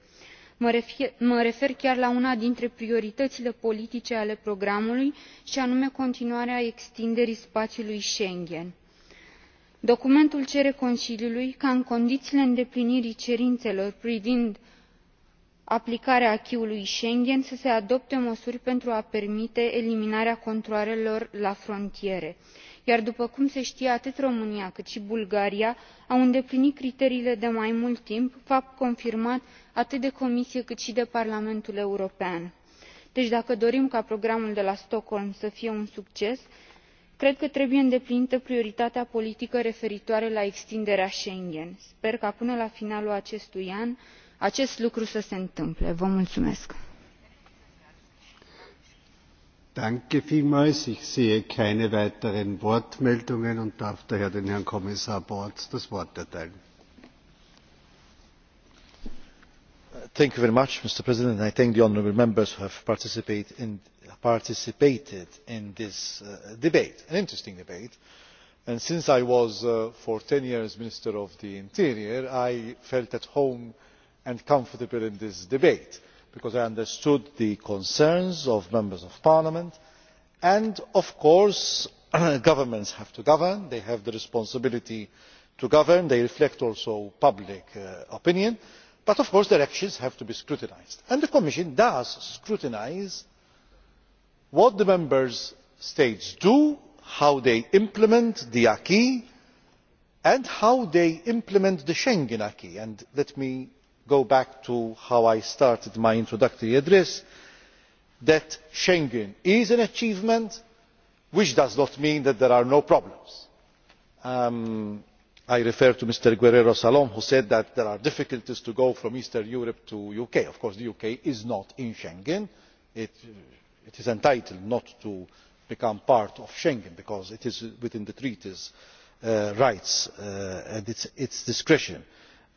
mă refer chiar la una dintre prioritățile politice ale programului și anume continuarea extinderii spațiului schengen. documentul cere consiliului ca în condițiile îndeplinirii cerințelor privind aplicarea acquis schengen să se adopte măsuri pentru a permite eliminarea controalelor la frontiere iar după cum se tie atât românia cât i bulgaria au îndeplinit criteriile de mai mult timp fapt confirmat atât de comisie cât i de parlamentul european. deci dacă dorim ca programul de la stockholm să fie un succes cred că trebuie îndeplinită prioritatea politică referitoare la extinderea schengen. sper ca până la finalul acestui an acest lucru să se întâmple. Vă mulțumesc. Danke vielmals. Ich sehe keine weiteren Wortmeldungen und darf daher den Herrn Kommissar Bortz das Wort erteilen. Thank you very much, Mr. President. I thank the honourable members who have participated in, participated in this uh, debate, an interesting debate. And since I was uh, for 10 years Minister of the Interior, I felt at home and comfortable in this debate because i understood the concerns of members of parliament and of course governments have to govern they have the responsibility to govern they reflect also public uh, opinion but of course their actions have to be scrutinised and the commission does scrutinise what the member states do how they implement the acquis and how they implement the schengen acquis and let me go back to how i started my introductory address that schengen is an achievement which does not mean that there are no problems. Um, i refer to mr guerrero salom who said that there are difficulties to go from eastern europe to the uk. of course the uk is not in schengen. Uh, it is entitled not to become part of schengen because it is within the treaty's uh, rights uh, and its discretion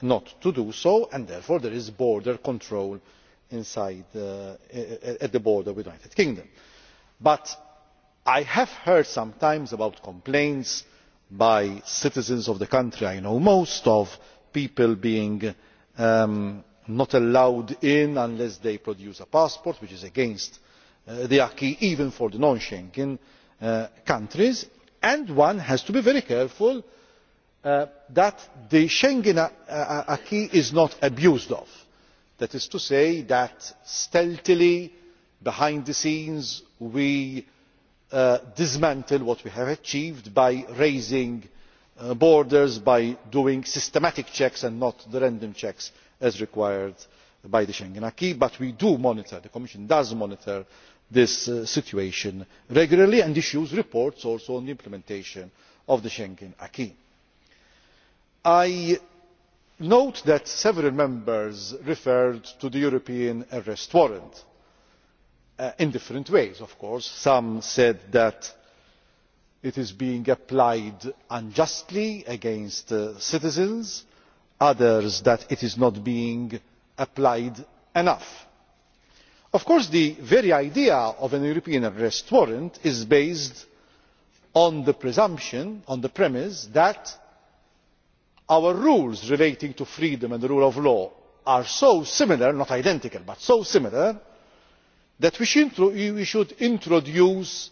not to do so and therefore there is border control inside, uh, at the border with the united kingdom. but i have heard sometimes about complaints by citizens of the country i know most of people being um, not allowed in unless they produce a passport which is against uh, the acquis even for the non schengen uh, countries and one has to be very careful Uh, that the schengen uh, uh, acquis is not abused of, that is to say that stealthily behind the scenes we dismantle what we have achieved by raising borders by doing systematic checks and not the random checks as required by the schengen acquis but we do monitor the commission does monitor this situation regularly and issues reports also on the implementation of the schengen acquis i note that several members referred to the european arrest warrant uh, in different ways of course. some said that it is being applied unjustly against uh, citizens others that it is not being applied enough. of course the very idea of a european arrest warrant is based on the presumption on the premise that our rules relating to freedom and the rule of law are so similar not identical but so similar that we should introduce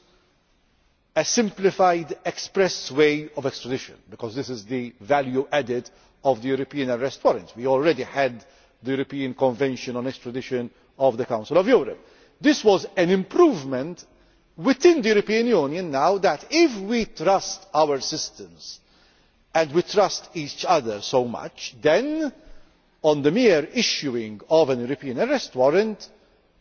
a simplified express way of extradition because this is the value added of the european arrest warrant. we already had the european convention on extradition of the council of europe. this was an improvement within the european union now that if we trust our systems and we trust each other so much then on the mere issuing of a european arrest warrant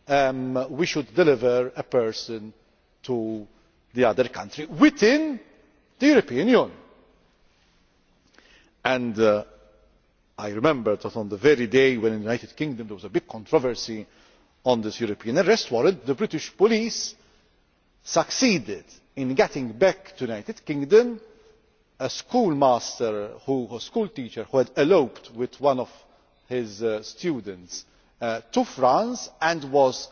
um, we should deliver a person to the other country within the european union. Uh, i remember that on the very day when in the united kingdom there was a big controversy on this european arrest warrant the british police succeeded in getting back to the united kingdom a schoolmaster or schoolteacher who had eloped with one of his uh, students uh, to france and was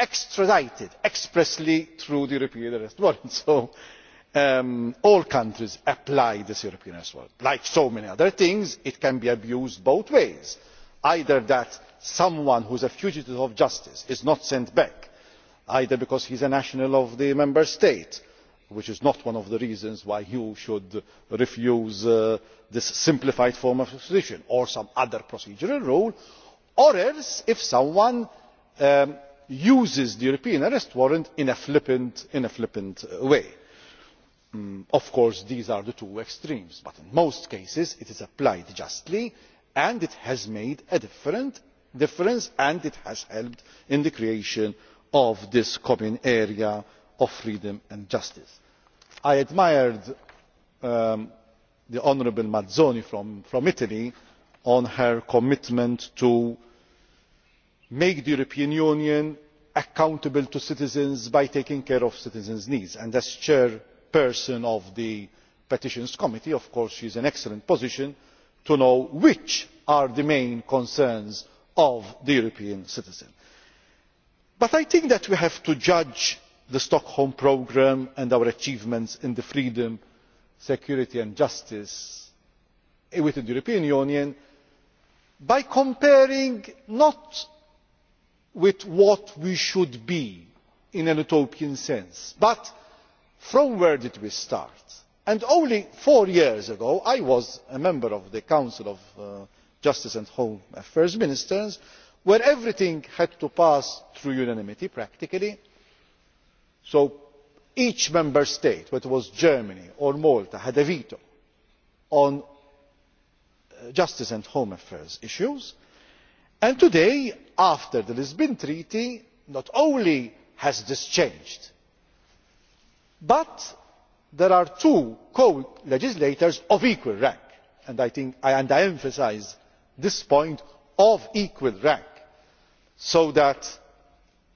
extradited expressly through the european arrest warrant. so um, all countries apply this european arrest warrant. like so many other things it can be abused both ways either that someone who is a fugitive of justice is not sent back either because he is a national of the member state which is not one of the reasons why you should refuse uh, this simplified form of solution or some other procedural rule or else if someone um, uses the european arrest warrant in a flippant uh, way. Mm, of course these are the two extremes but in most cases it is applied justly and it has made a difference and it has helped in the creation of this common area of freedom and justice i admired um, the honourable mazzoni from italy on her commitment to make the european union accountable to citizens by taking care of citizens' needs and as chairperson of the petitions committee of course she is in an excellent position to know which are the main concerns of the european citizen. but i think that we have to judge the stockholm programme and our achievements in the freedom security and justice within the european union by comparing not with what we should be in an utopian sense but from where did we start? only four years ago i was a member of the council of uh, justice and home affairs ministers where everything had to pass through unanimity practically so each member state whether it was germany or malta had a veto on uh, justice and home affairs issues and today after the lisbon treaty not only has this changed but there are two co legislators of equal rank and i emphasise this point of equal rank so that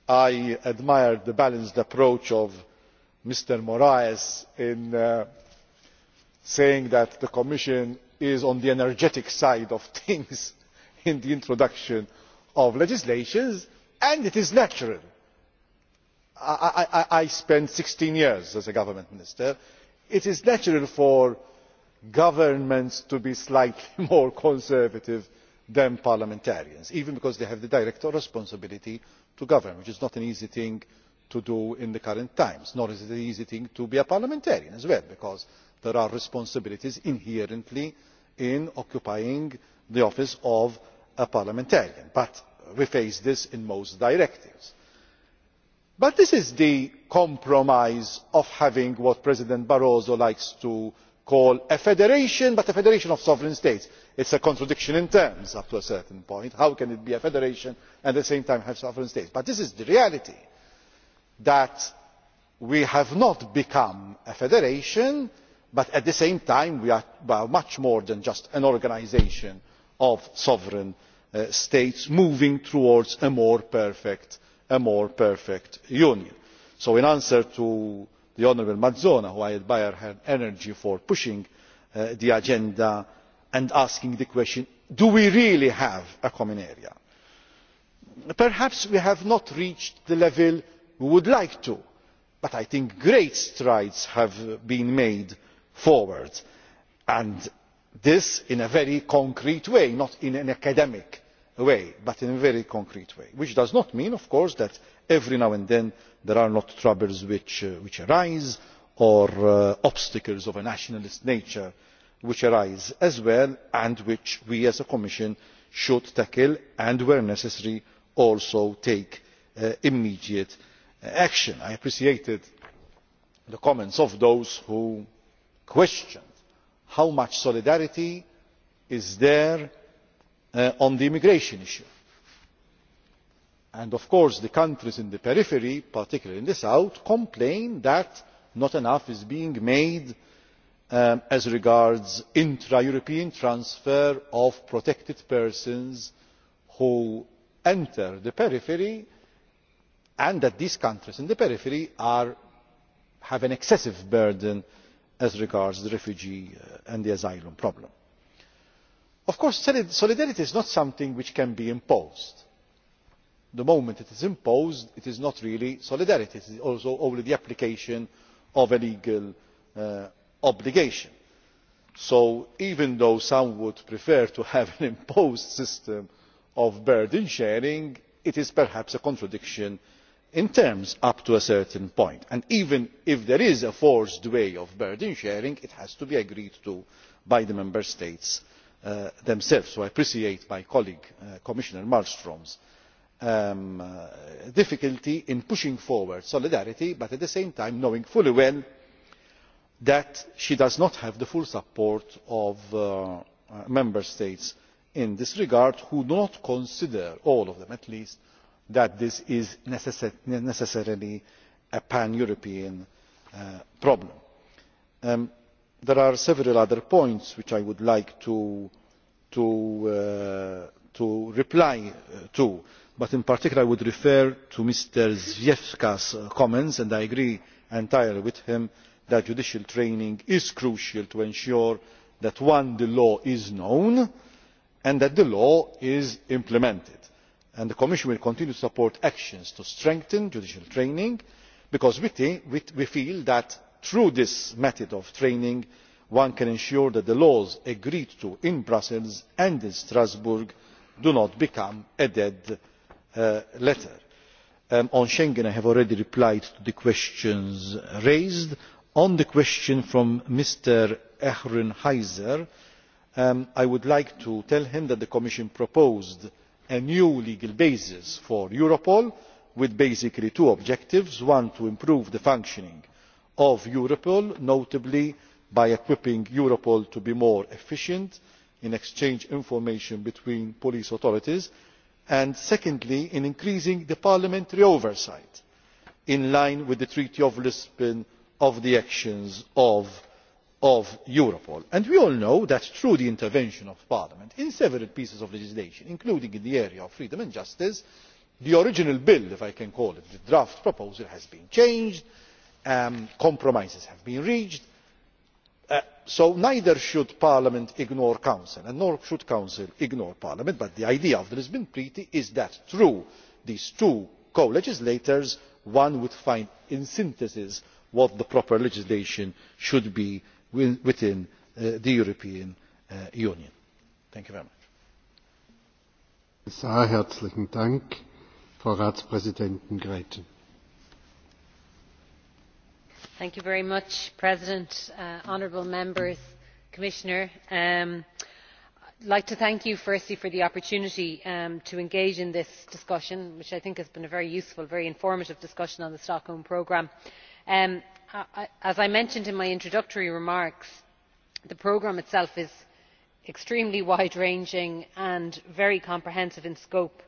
i admire the balanced approach of mr moraes in uh, saying that the commission is on the energetic side of things in the introduction of legislation and it is natural. i spent sixteen years as a government minister. it is natural for governments to be slightly more conservative than parliamentarians even because they have the direct responsibility to govern which is not an easy thing to do in the current times nor is it an easy thing to be a parliamentarian as well because there are responsibilities inherently in occupying the office of a parliamentarian but we face this in most directives. but this is the compromise of having what president barroso likes to call a federation but a federation of sovereign states. it is a contradiction in terms up to a certain point how can it be a federation and at the same time have sovereign states? but this is the reality that we have not become a federation but at the same time we are much more than just an organisation of sovereign uh, states moving towards a more perfect union. so in answer the honourable mazzona who i admire her energy for pushing uh, the agenda and asking the question do we really have a common area? perhaps we have not reached the level we would like to but i think great strides have been made forward and this in a very concrete way not in an academic way but in a very concrete way which does not mean of course that every now and then there are not troubles which, uh, arise or uh, obstacles of a nationalist nature which arise as well and which we as a commission should tackle and where necessary also take uh, immediate action. i appreciated the comments of those who questioned how much solidarity is there on the immigration issue and of course the countries in the periphery particularly in the south complain that not enough is being made um, as regards intra european transfer of protected persons who enter the periphery and that these countries in the periphery have an excessive burden as regards the refugee uh, and the asylum problem. of course solidarity is not something which can be imposed the moment it is imposed it is not really solidarity it is also only the application of a legal uh, obligation. so even though some would prefer to have an imposed system of burden sharing it is perhaps a contradiction in terms up to a certain point and even if there is a forced way of burden sharing it has to be agreed to by the member states uh, themselves. so i appreciate my colleague uh, commissioner malmstrm's Um, uh, difficulty in pushing forward solidarity but at the same time knowing fully well that she does not have the full support of uh, uh, member states in this regard who do not consider all of them at least that this is necessarily a pan european problem. Um, there are several other points which i would like to reply to but in particular i would refer to mr zwiefka's uh, comments and i agree entirely with him that judicial training is crucial to ensure that firstly the law is known and that the law is implemented. the commission will continue to support actions to strengthen judicial training because we feel that through this method of training one can ensure that the laws agreed to in brussels and in strasbourg do not become a dead Uh, letter. Um, on schengen i have already replied to the questions raised. on the question from mr ehrenhauser Heiser, um, i would like to tell him that the commission proposed a new legal basis for europol with basically two objectives one to improve the functioning of europol notably by equipping europol to be more efficient in exchanging information between police authorities and secondly in increasing parliamentary oversight in line with the treaty of lisbon of the actions of europol. we all know that through the intervention of parliament in several pieces of legislation including in the area of freedom and justice the original bill if i can call it the draft proposal has been changed um, compromises have been reached Uh, so neither should parliament ignore the council nor should council ignore parliament but the idea of the lisbon treaty is that through these two co legislators one would find in synthesis what the proper legislation should be within uh, the european uh, union. thank you very much mr president uh, honourable members commissioner um, i would like to thank you firstly for the opportunity um, to engage in this discussion which i think has been a very useful very informative discussion on the stockholm programme. Um, as i mentioned in my introductory remarks the programme itself is extremely wide ranging and very comprehensive in scope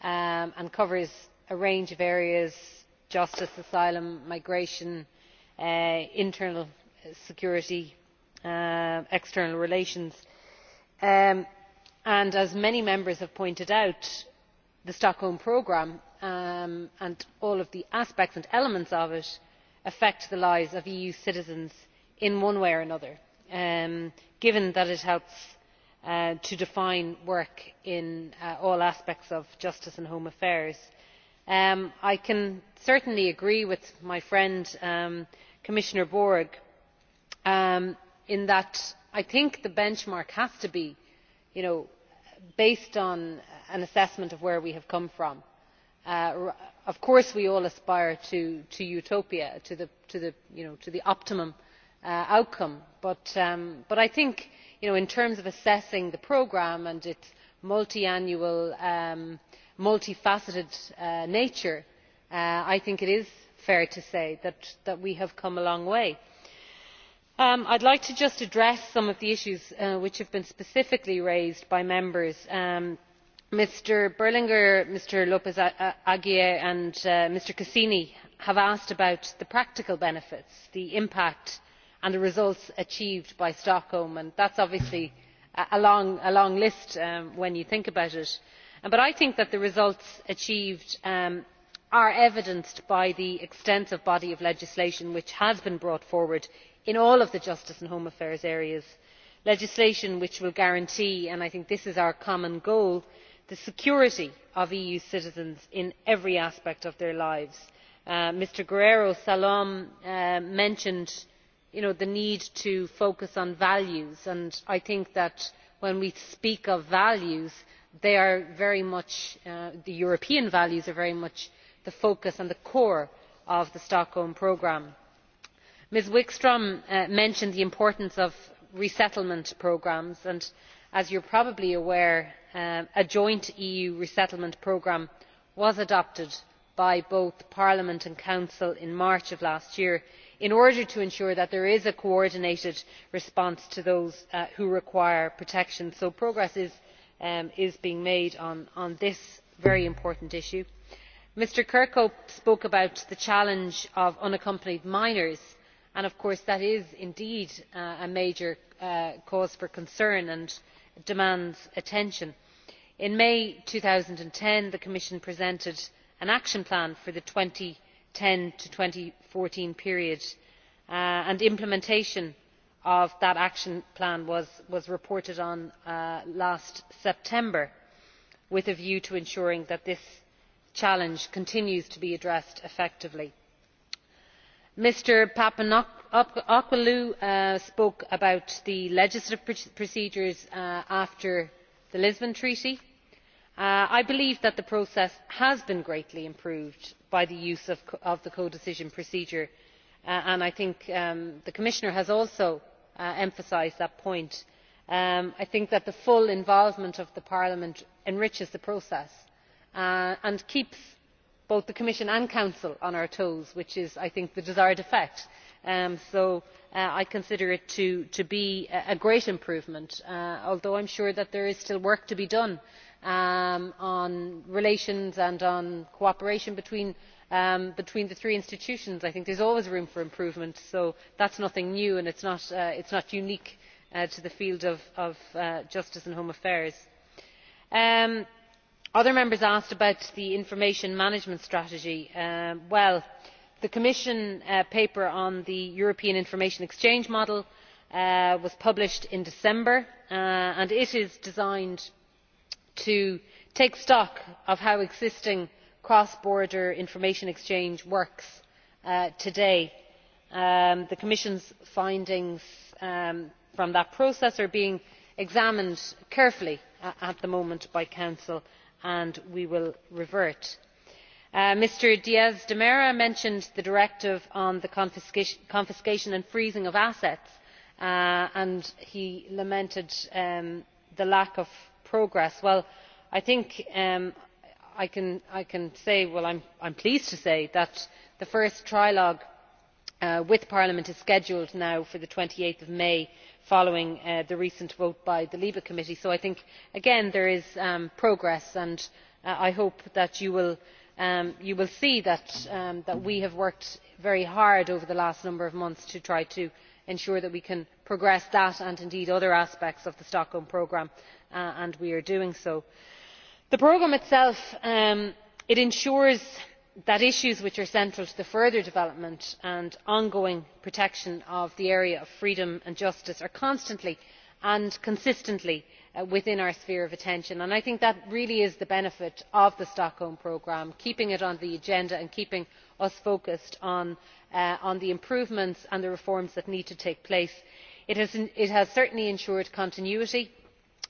and covers a range of areas justice asylum migration Uh, internal security and uh, external relations um, and as many members have pointed out the stockholm programme um, and all of the aspects and elements of it affect the lives of eu citizens in one way or another um, given that it helps uh, to define work in all aspects of justice and home affairs. i can certainly agree with my friend commissioner borg um, in that i think the benchmark has to be based on an assessment of where we have come from. Uh, of course we all aspire to utopia to the optimum uh, outcome um, but i think in terms of assessing the programme and its multiannual um, multifaceted uh, nature i think it is fair to say that we have come a long way. Um, i would like to just address some of the issues uh, which have been specifically raised by members. mr um, berlinguer mr lpez aguilar and uh, mr casini have asked about the practical benefits the impact and the results achieved by stockholm and that is obviously a long list um, when you think about it but i think that the results achieved are evidenced by the extensive body of legislation which has been brought forward in all of the justice and home affairs areas legislation which will guarantee and i think this is our common goal the security of eu citizens in every aspect of their lives. Uh, mr guerrero salom uh, mentioned the need to focus on values and i think that when we speak of values they are very much uh, the european values are very much the focus and the core of the stockholm programme. ms wikstrm uh, mentioned the importance of resettlement programmes and as you are probably aware uh, a joint eu resettlement programme was adopted by both parliament and council in march of last year in order to ensure that there is a coordinated response to those uh, who require protection so progress is um, being made on this very important issue mr kirkhope spoke about the challenge of unaccompanied minors and of course that is indeed uh, a major uh, cause for concern and demands attention. in may two thousand and ten the commission presented an action plan for the two thousand and ten two thousand and fourteen period uh, and implementation of that action plan was reported on last september with a view to ensuring that this challenge continues to be addressed effectively. mr papadopoulou uh, spoke about the legislative procedures uh, after the lisbon treaty. Uh, i believe that the process has been greatly improved by the use of the codecision procedure and i think um, the commissioner has also emphasised that point. Um, i think that the full involvement of parliament enriches the process Uh, and keeps both the commission and council on our toes which is i think the desired effect um, so uh, i consider it to be a great improvement uh, although i am sure that there is still work to be done um, on relations and on cooperation between um, the three institutions. i think there is always room for improvement so that is nothing new and it is not unique to the field of justice and home affairs other members asked about the information management strategy. Um, the commission uh, paper on the european information exchange model uh, was published in december uh, and it is designed to take stock of how existing cross border information exchange works today. Um, the commission's findings um, from that process are being examined carefully at the moment by council and we will revert. Uh, mr diaz de mera mentioned the directive on the confiscation and freezing of assets uh, and he lamented um, the lack of progress. i think um, i can say well i am pleased to say that the first trialogue uh, with parliament is scheduled now for twenty eight may following uh, the recent vote by the libe committee so i think again there is um, progress and uh, i hope that you will um, see um, that we have worked very hard over the last number of months to try to ensure that we can progress that and indeed other aspects of the stockholm programme uh, and we are doing so. the programme itself ensures that issues which are central to the further development and ongoing protection of the area of freedom and justice are constantly and consistently uh, within our sphere of attention and i think that really is the benefit of the stockholm programme keeping it on the agenda and keeping us focused on uh, the improvements and the reforms that need to take place. it has certainly ensured continuity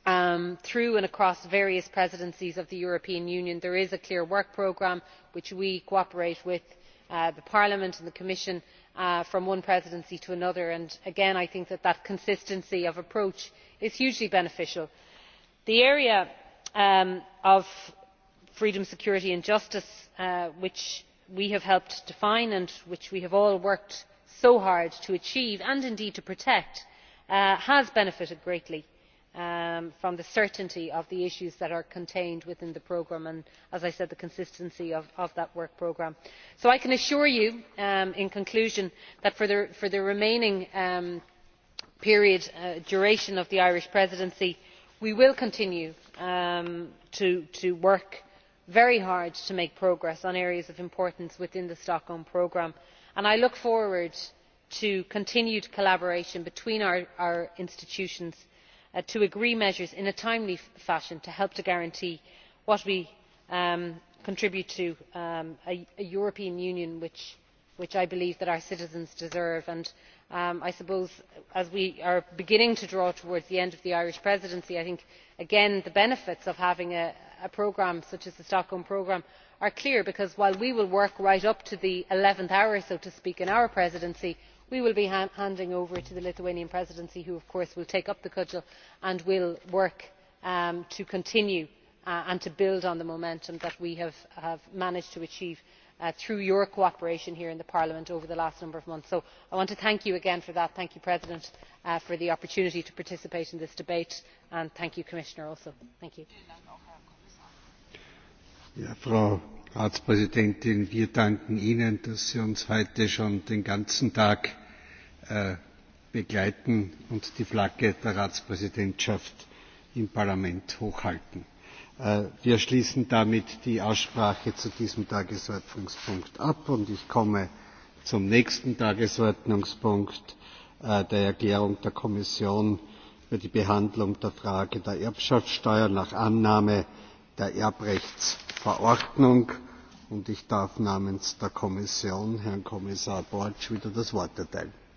Um, through and across various presidencies of the european union there is a clear work programme which we cooperate with uh, parliament and the commission uh, from one presidency to another and again i think that that consistency of approach is hugely beneficial. the area um, of freedom security and justice uh, which we have helped define and which we have all worked so hard to achieve and indeed to protect has benefited greatly Um, from the certainty of the issues that are contained within the programme and as i said the consistency of that work programme. so i can assure you um, in conclusion that for the remaining um, uh, duration of the irish presidency we will continue to work very hard to make progress on areas of importance within the stockholm programme and i look forward to continued collaboration between our institutions Uh, to agree measures in a timely fashion to help to guarantee what we um, contribute to um, a european union which i believe that our citizens deserve. Um, i suppose as we are beginning to draw towards the end of the irish presidency i think again the benefits of having a programme such as the stockholm programme are clear because while we will work right up to the eleventh hour so to speak in our presidency we will be handing over to the lithuanian presidency who of course will take up the cudgel and will work um, to continue uh, and to build on the momentum that we have managed to achieve uh, through your cooperation here in parliament over the last number of months. so i want to thank you again for that thank you president uh, for the opportunity to participate in this debate and thank you commissioner also. frau ratspräsidentin! wir danken ihnen dass sie uns heute schon den ganzen Äh, begleiten und die Flagge der Ratspräsidentschaft im Parlament hochhalten. Äh, wir schließen damit die Aussprache zu diesem Tagesordnungspunkt ab und ich komme zum nächsten Tagesordnungspunkt äh, der Erklärung der Kommission über die Behandlung der Frage der Erbschaftssteuer nach Annahme der Erbrechtsverordnung und ich darf namens der Kommission Herrn Kommissar Borg wieder das Wort erteilen.